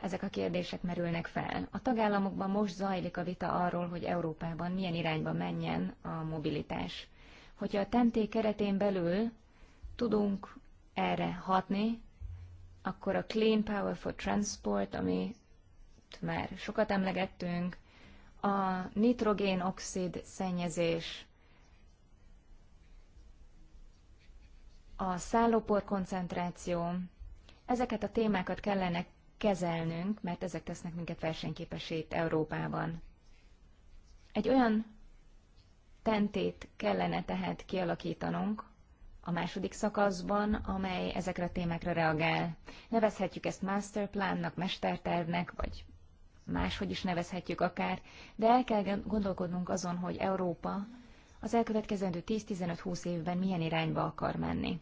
ezek a kérdések merülnek fel. A tagállamokban most zajlik a vita arról, hogy Európában milyen irányba menjen a mobilitás. Hogyha a TENTÉ keretén belül tudunk erre hatni, akkor a Clean Power for Transport, ami már sokat emlegettünk, a nitrogénoxid szennyezés, a szállópor koncentráció, ezeket a témákat kellene kezelnünk, mert ezek tesznek minket versenyképesét Európában. Egy olyan tentét kellene tehát kialakítanunk a második szakaszban, amely ezekre a témákra reagál. Nevezhetjük ezt masterplannak, mestertervnek, vagy máshogy is nevezhetjük akár, de el kell gondolkodnunk azon, hogy Európa az elkövetkezendő 10-15-20 évben milyen irányba akar menni.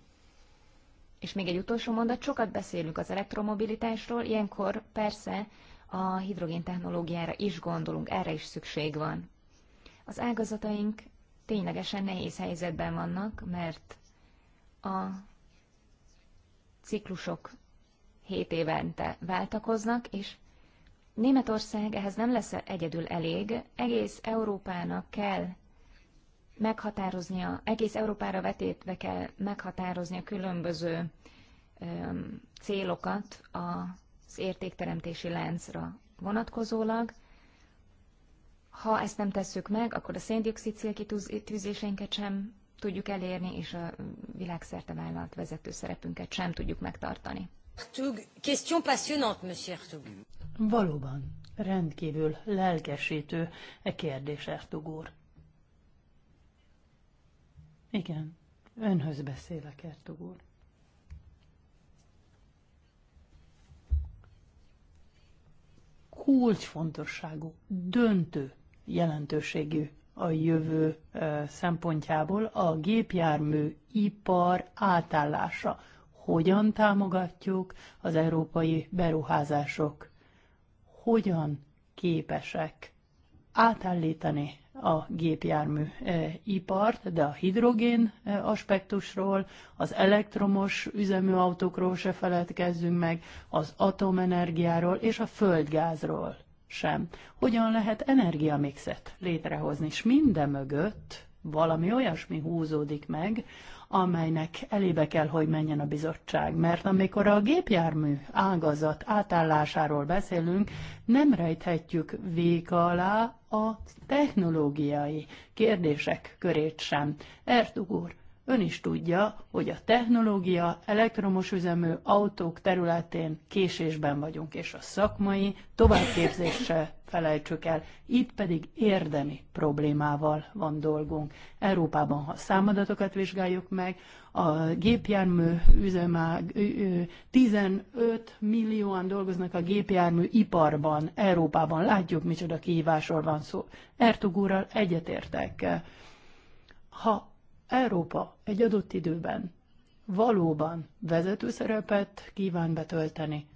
És még egy utolsó mondat, sokat beszélünk az elektromobilitásról, ilyenkor persze a hidrogén technológiára is gondolunk, erre is szükség van. Az ágazataink ténylegesen nehéz helyzetben vannak, mert a ciklusok 7 évente váltakoznak, és Németország ehhez nem lesz egyedül elég, egész Európának kell meghatároznia, egész Európára vetétve kell meghatározni a különböző öm, célokat az értékteremtési láncra vonatkozólag. Ha ezt nem tesszük meg, akkor a széndiokszid célkitűzéseinket sem tudjuk elérni, és a világszerte vállalt vezető szerepünket sem tudjuk megtartani. Question passionnante, monsieur Valóban, rendkívül lelkesítő e kérdés, Ertug úr. Igen, önhöz beszélek, Ertug úr. Kulcsfontosságú, döntő jelentőségű a jövő szempontjából a gépjármű ipar átállása. Hogyan támogatjuk az európai beruházások? Hogyan képesek átállítani a gépjármű e, ipart, de a hidrogén e, aspektusról, az elektromos üzemű autókról se feledkezzünk meg, az atomenergiáról és a földgázról sem. Hogyan lehet energiamixet létrehozni, és minden mögött valami olyasmi húzódik meg, amelynek elébe kell, hogy menjen a bizottság. Mert amikor a gépjármű ágazat átállásáról beszélünk, nem rejthetjük vég alá a technológiai kérdések körét sem. Ertug úr, ön is tudja, hogy a technológia elektromos üzemű autók területén késésben vagyunk, és a szakmai továbbképzése felejtsük el. Itt pedig érdemi problémával van dolgunk. Európában, ha számadatokat vizsgáljuk meg, a gépjármű üzemág 15 millióan dolgoznak a gépjármű iparban, Európában. Látjuk, micsoda kihívásról van szó. Ertugúrral egyetértek. Ha Európa egy adott időben valóban vezető szerepet kíván betölteni,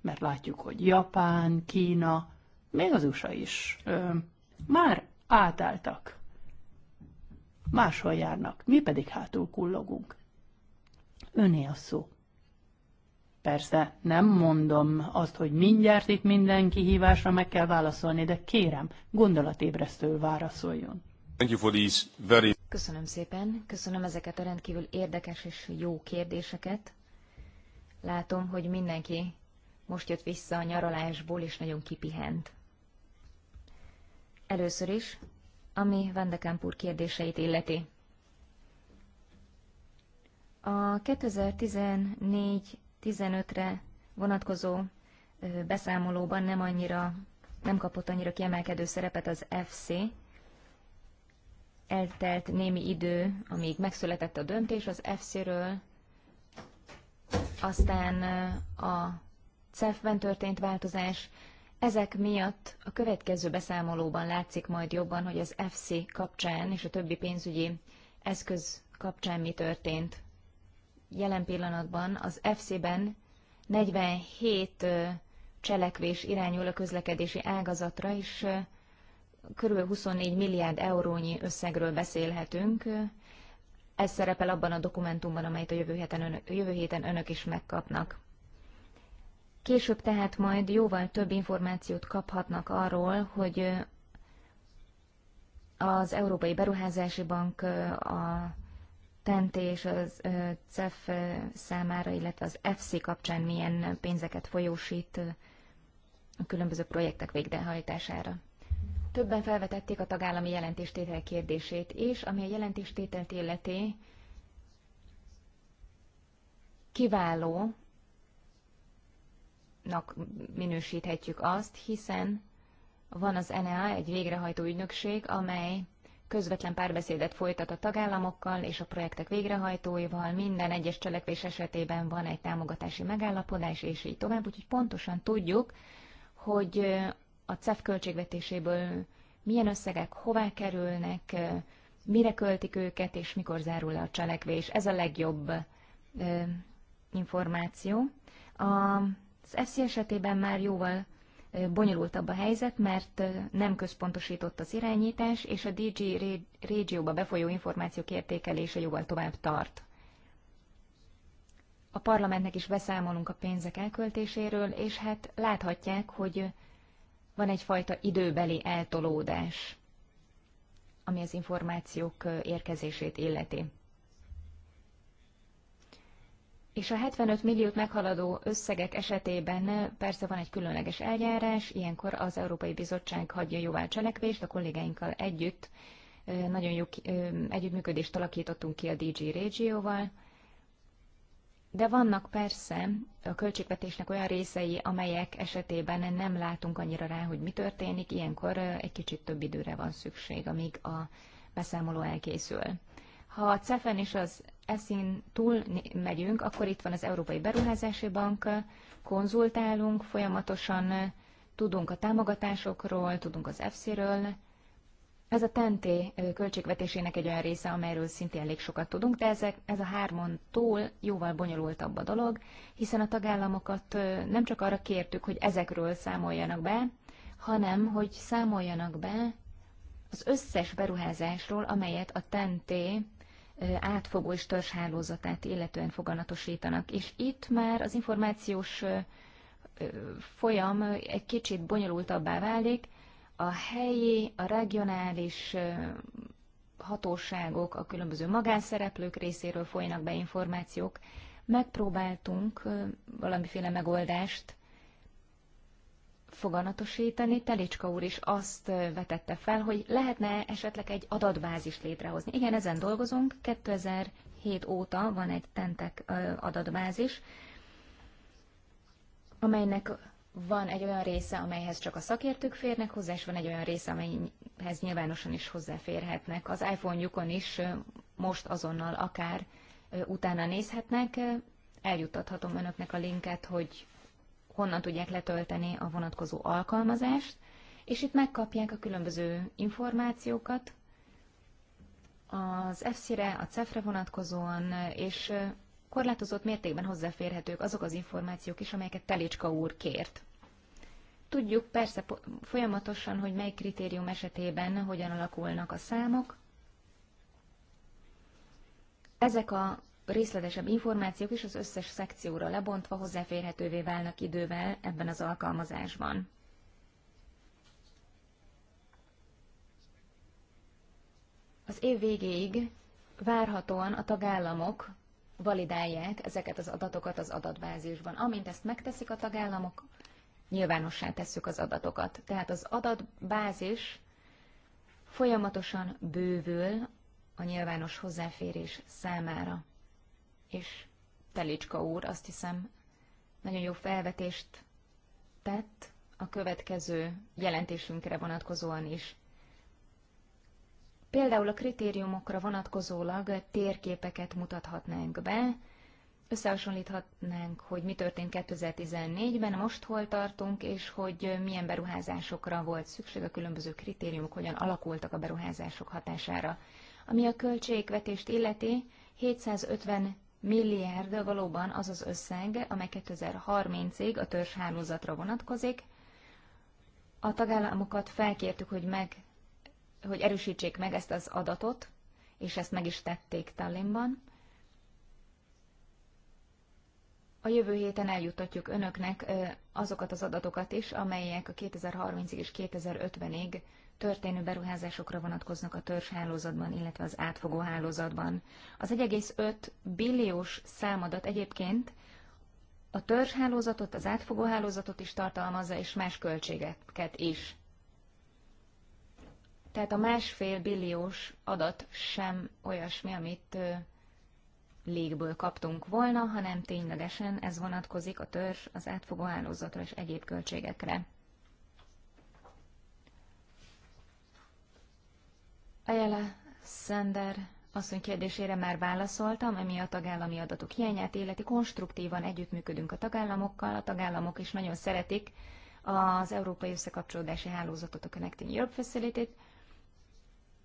mert látjuk, hogy Japán, Kína még az USA is ö, már átálltak. Máshol járnak, mi pedig hátul kullogunk. Öné a szó. Persze, nem mondom azt, hogy mindjárt itt minden kihívásra meg kell válaszolni, de kérem, gondolatébresztő válaszoljon. Very... Köszönöm szépen, köszönöm ezeket a rendkívül érdekes és jó kérdéseket. Látom, hogy mindenki most jött vissza a nyaralásból, és nagyon kipihent. Először is, ami Vandekamp úr kérdéseit illeti. A 2014-15-re vonatkozó beszámolóban nem annyira, nem kapott annyira kiemelkedő szerepet az FC. Eltelt némi idő, amíg megszületett a döntés az FC-ről, aztán a CEF-ben történt változás, ezek miatt a következő beszámolóban látszik majd jobban, hogy az FC kapcsán és a többi pénzügyi eszköz kapcsán mi történt. Jelen pillanatban az FC-ben 47 cselekvés irányul a közlekedési ágazatra, és kb. 24 milliárd eurónyi összegről beszélhetünk. Ez szerepel abban a dokumentumban, amelyet a jövő héten, önök, jövő héten önök is megkapnak. Később tehát majd jóval több információt kaphatnak arról, hogy az Európai Beruházási Bank a TENT e és az CEF számára, illetve az FC kapcsán milyen pénzeket folyósít a különböző projektek végrehajtására. Többen felvetették a tagállami jelentéstétel kérdését és ami a jelentéstételt illeti, kiváló nak minősíthetjük azt, hiszen van az NEA, egy végrehajtó ügynökség, amely közvetlen párbeszédet folytat a tagállamokkal és a projektek végrehajtóival, minden egyes cselekvés esetében van egy támogatási megállapodás, és így tovább, úgyhogy pontosan tudjuk, hogy a CEF költségvetéséből milyen összegek hová kerülnek, mire költik őket, és mikor zárul le a cselekvés. Ez a legjobb információ. A az FC esetében már jóval bonyolultabb a helyzet, mert nem központosított az irányítás, és a DG régióba befolyó információk értékelése jóval tovább tart. A parlamentnek is beszámolunk a pénzek elköltéséről, és hát láthatják, hogy van egyfajta időbeli eltolódás, ami az információk érkezését illeti. És a 75 milliót meghaladó összegek esetében persze van egy különleges eljárás, ilyenkor az Európai Bizottság hagyja jóvá a cselekvést, a kollégáinkkal együtt nagyon jó együttműködést alakítottunk ki a DG régióval, de vannak persze a költségvetésnek olyan részei, amelyek esetében nem látunk annyira rá, hogy mi történik, ilyenkor egy kicsit több időre van szükség, amíg a beszámoló elkészül. Ha a CEFEN és az ESZIN túl megyünk, akkor itt van az Európai Beruházási Bank, konzultálunk, folyamatosan tudunk a támogatásokról, tudunk az EFSZ-ről. Ez a TNT költségvetésének egy olyan része, amelyről szintén elég sokat tudunk, de ezek, ez a hármon túl jóval bonyolultabb a dolog, hiszen a tagállamokat nem csak arra kértük, hogy ezekről számoljanak be, hanem hogy számoljanak be az összes beruházásról, amelyet a TNT átfogó és törzshálózatát illetően foganatosítanak. És itt már az információs folyam egy kicsit bonyolultabbá válik, a helyi, a regionális hatóságok, a különböző magánszereplők részéről folynak be információk. Megpróbáltunk valamiféle megoldást foganatosítani. Telicska úr is azt vetette fel, hogy lehetne esetleg egy adatbázis létrehozni. Igen, ezen dolgozunk. 2007 óta van egy tentek adatbázis, amelynek van egy olyan része, amelyhez csak a szakértők férnek hozzá, és van egy olyan része, amelyhez nyilvánosan is hozzáférhetnek. Az iPhone-jukon is most azonnal akár utána nézhetnek. Eljuttathatom önöknek a linket, hogy honnan tudják letölteni a vonatkozó alkalmazást, és itt megkapják a különböző információkat az fc re a CEF-re vonatkozóan, és korlátozott mértékben hozzáférhetők azok az információk is, amelyeket Telicska úr kért. Tudjuk persze folyamatosan, hogy mely kritérium esetében hogyan alakulnak a számok. Ezek a részletesebb információk is az összes szekcióra lebontva hozzáférhetővé válnak idővel ebben az alkalmazásban. Az év végéig várhatóan a tagállamok validálják ezeket az adatokat az adatbázisban. Amint ezt megteszik a tagállamok, nyilvánossá tesszük az adatokat. Tehát az adatbázis folyamatosan bővül a nyilvános hozzáférés számára és Telicska úr azt hiszem nagyon jó felvetést tett a következő jelentésünkre vonatkozóan is. Például a kritériumokra vonatkozólag térképeket mutathatnánk be, összehasonlíthatnánk, hogy mi történt 2014-ben, most hol tartunk, és hogy milyen beruházásokra volt szükség, a különböző kritériumok hogyan alakultak a beruházások hatására. Ami a költségvetést illeti, 750 milliárd valóban az az összeg, amely 2030-ig a törzshálózatra vonatkozik. A tagállamokat felkértük, hogy, meg, hogy erősítsék meg ezt az adatot, és ezt meg is tették Tallinnban. A jövő héten eljutatjuk önöknek azokat az adatokat is, amelyek a 2030-ig és 2050-ig történő beruházásokra vonatkoznak a hálózatban, illetve az átfogó hálózatban. Az 1,5 billiós számadat egyébként a hálózatot, az átfogó hálózatot is tartalmazza, és más költségeket is. Tehát a másfél billiós adat sem olyasmi, amit légből kaptunk volna, hanem ténylegesen ez vonatkozik a törzs, az átfogó hálózatra és egyéb költségekre. Ejele Szender asszony kérdésére már válaszoltam, ami a tagállami adatok hiányát életi konstruktívan együttműködünk a tagállamokkal, a tagállamok is nagyon szeretik az Európai Összekapcsolódási Hálózatot, a Connecting Europe facility -t.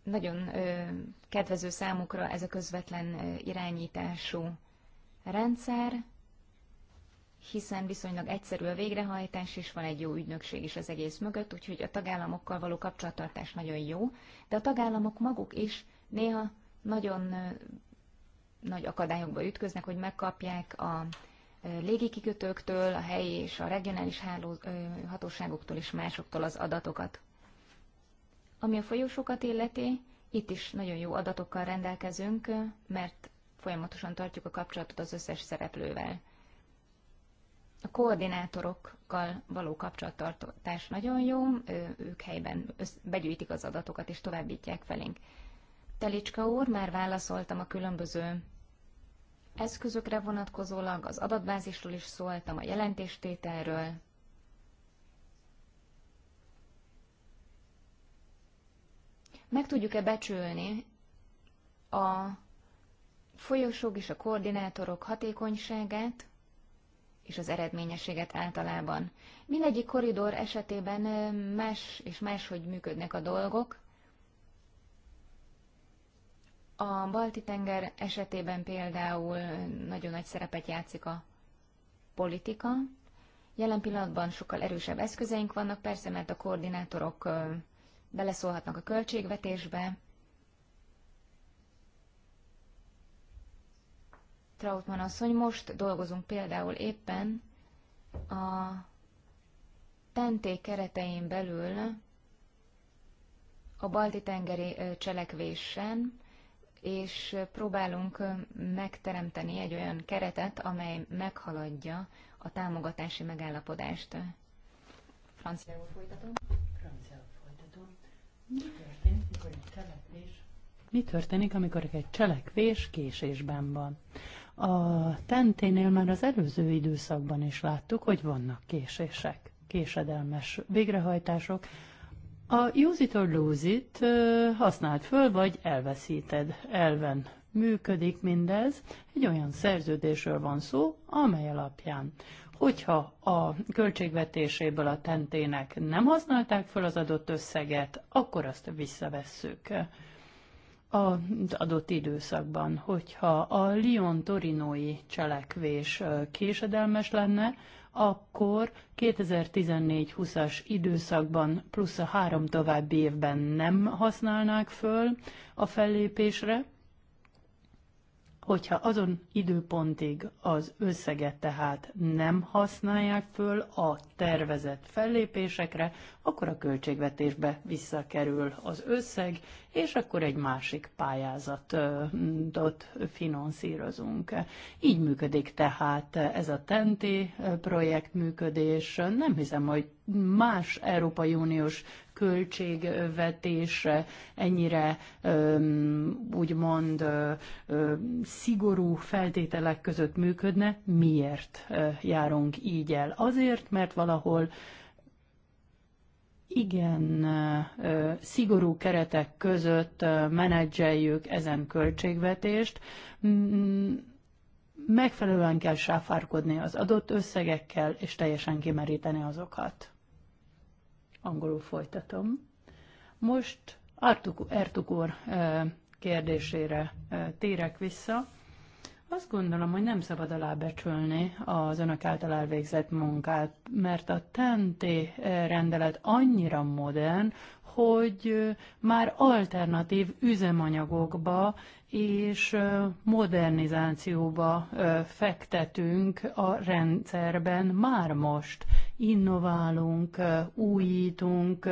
Nagyon ö, kedvező számukra ez a közvetlen ö, irányítású rendszer, hiszen viszonylag egyszerű a végrehajtás, és van egy jó ügynökség is az egész mögött, úgyhogy a tagállamokkal való kapcsolattartás nagyon jó, de a tagállamok maguk is néha nagyon nagy akadályokba ütköznek, hogy megkapják a légikikötőktől, a helyi és a regionális háló, hatóságoktól és másoktól az adatokat. Ami a folyósokat illeti, itt is nagyon jó adatokkal rendelkezünk, mert folyamatosan tartjuk a kapcsolatot az összes szereplővel. A koordinátorokkal való kapcsolattartás nagyon jó, ők helyben begyűjtik az adatokat és továbbítják felénk. Telicska úr, már válaszoltam a különböző eszközökre vonatkozólag, az adatbázisról is szóltam, a jelentéstételről. Meg tudjuk-e becsülni a folyosók és a koordinátorok hatékonyságát, és az eredményességet általában. Mindegyik koridor esetében más és máshogy működnek a dolgok. A Balti-tenger esetében például nagyon nagy szerepet játszik a politika. Jelen pillanatban sokkal erősebb eszközeink vannak, persze, mert a koordinátorok beleszólhatnak a költségvetésbe, Trautmann asszony, most dolgozunk például éppen a tenté keretein belül a Balti-tengeri cselekvésen, és próbálunk megteremteni egy olyan keretet, amely meghaladja a támogatási megállapodást. Franciául folytatom. Franciául folytatom. Mi történik, mikor egy cselekvés? Mi történik, amikor egy cselekvés késésben van? A tenténél már az előző időszakban is láttuk, hogy vannak késések, késedelmes végrehajtások. A use it or lose it használd föl, vagy elveszíted elven működik mindez. Egy olyan szerződésről van szó, amely alapján hogyha a költségvetéséből a tentének nem használták föl az adott összeget, akkor azt visszavesszük az adott időszakban. Hogyha a Lyon-Torinói cselekvés késedelmes lenne, akkor 2014-20-as időszakban plusz a három további évben nem használnák föl a fellépésre, Hogyha azon időpontig az összeget tehát nem használják föl a tervezett fellépésekre, akkor a költségvetésbe visszakerül az összeg, és akkor egy másik pályázatot finanszírozunk. Így működik tehát ez a TENTI projektműködés. Nem hiszem, hogy más Európai Uniós költségvetés ennyire úgymond szigorú feltételek között működne, miért járunk így el? Azért, mert valahol igen szigorú keretek között menedzseljük ezen költségvetést, megfelelően kell sáfárkodni az adott összegekkel, és teljesen kimeríteni azokat. Angolul folytatom. Most Artuk, Ertukor kérdésére térek vissza. Azt gondolom, hogy nem szabad alábecsülni az önök által elvégzett munkát, mert a TENTI rendelet annyira modern, hogy már alternatív üzemanyagokba és modernizációba fektetünk a rendszerben már most. Innoválunk, újítunk,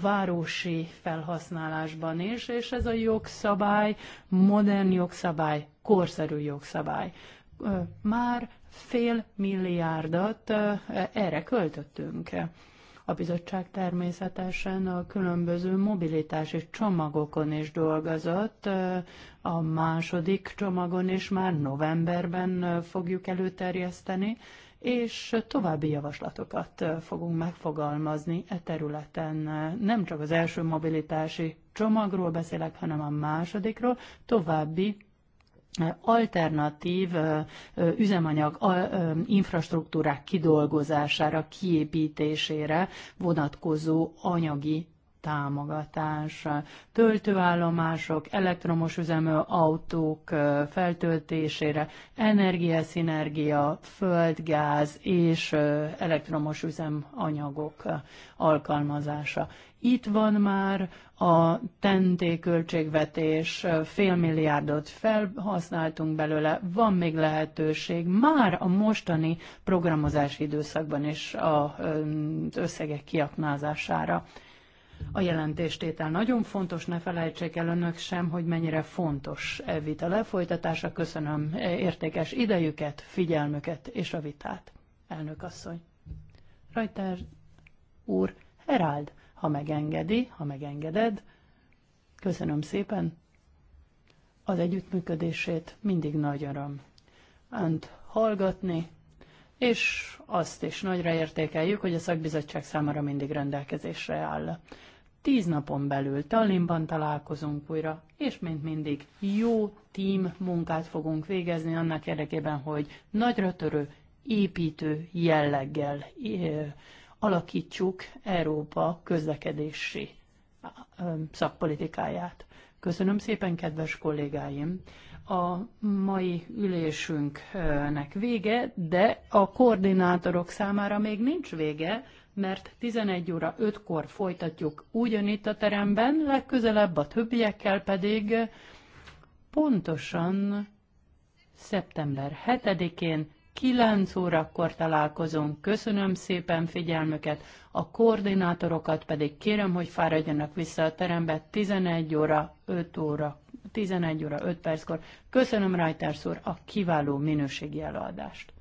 városi felhasználásban is, és ez a jogszabály, modern jogszabály korszerű jogszabály. Már fél milliárdat erre költöttünk. A bizottság természetesen a különböző mobilitási csomagokon is dolgozott. A második csomagon is már novemberben fogjuk előterjeszteni, és további javaslatokat fogunk megfogalmazni e területen. Nem csak az első mobilitási csomagról beszélek, hanem a másodikról, további alternatív üzemanyag infrastruktúrák kidolgozására, kiépítésére vonatkozó anyagi támogatás, töltőállomások, elektromos üzemű autók feltöltésére, energiaszinergia, földgáz és elektromos üzemanyagok alkalmazása. Itt van már a tenté költségvetés, fél milliárdot felhasználtunk belőle, van még lehetőség már a mostani programozási időszakban is az összegek kiaknázására. A jelentéstétel nagyon fontos, ne felejtsék el önök sem, hogy mennyire fontos e vita lefolytatása. Köszönöm értékes idejüket, figyelmüket és a vitát. Elnök asszony. Rajter úr, Herald, ha megengedi, ha megengeded, köszönöm szépen az együttműködését, mindig nagy öröm. Önt hallgatni, és azt is nagyra értékeljük, hogy a szakbizottság számára mindig rendelkezésre áll. Tíz napon belül Tallinnban találkozunk újra, és mint mindig jó tím munkát fogunk végezni annak érdekében, hogy nagyra törő, építő jelleggel alakítsuk Európa közlekedési szakpolitikáját. Köszönöm szépen, kedves kollégáim! A mai ülésünknek vége, de a koordinátorok számára még nincs vége, mert 11 óra 5-kor folytatjuk ugyanitt a teremben, legközelebb a többiekkel pedig pontosan szeptember 7-én 9 órakor találkozunk. Köszönöm szépen figyelmüket, a koordinátorokat pedig kérem, hogy fáradjanak vissza a terembe 11 óra 5 óra, 11 óra 5 perckor. Köszönöm Rajtársz úr a kiváló minőségi előadást.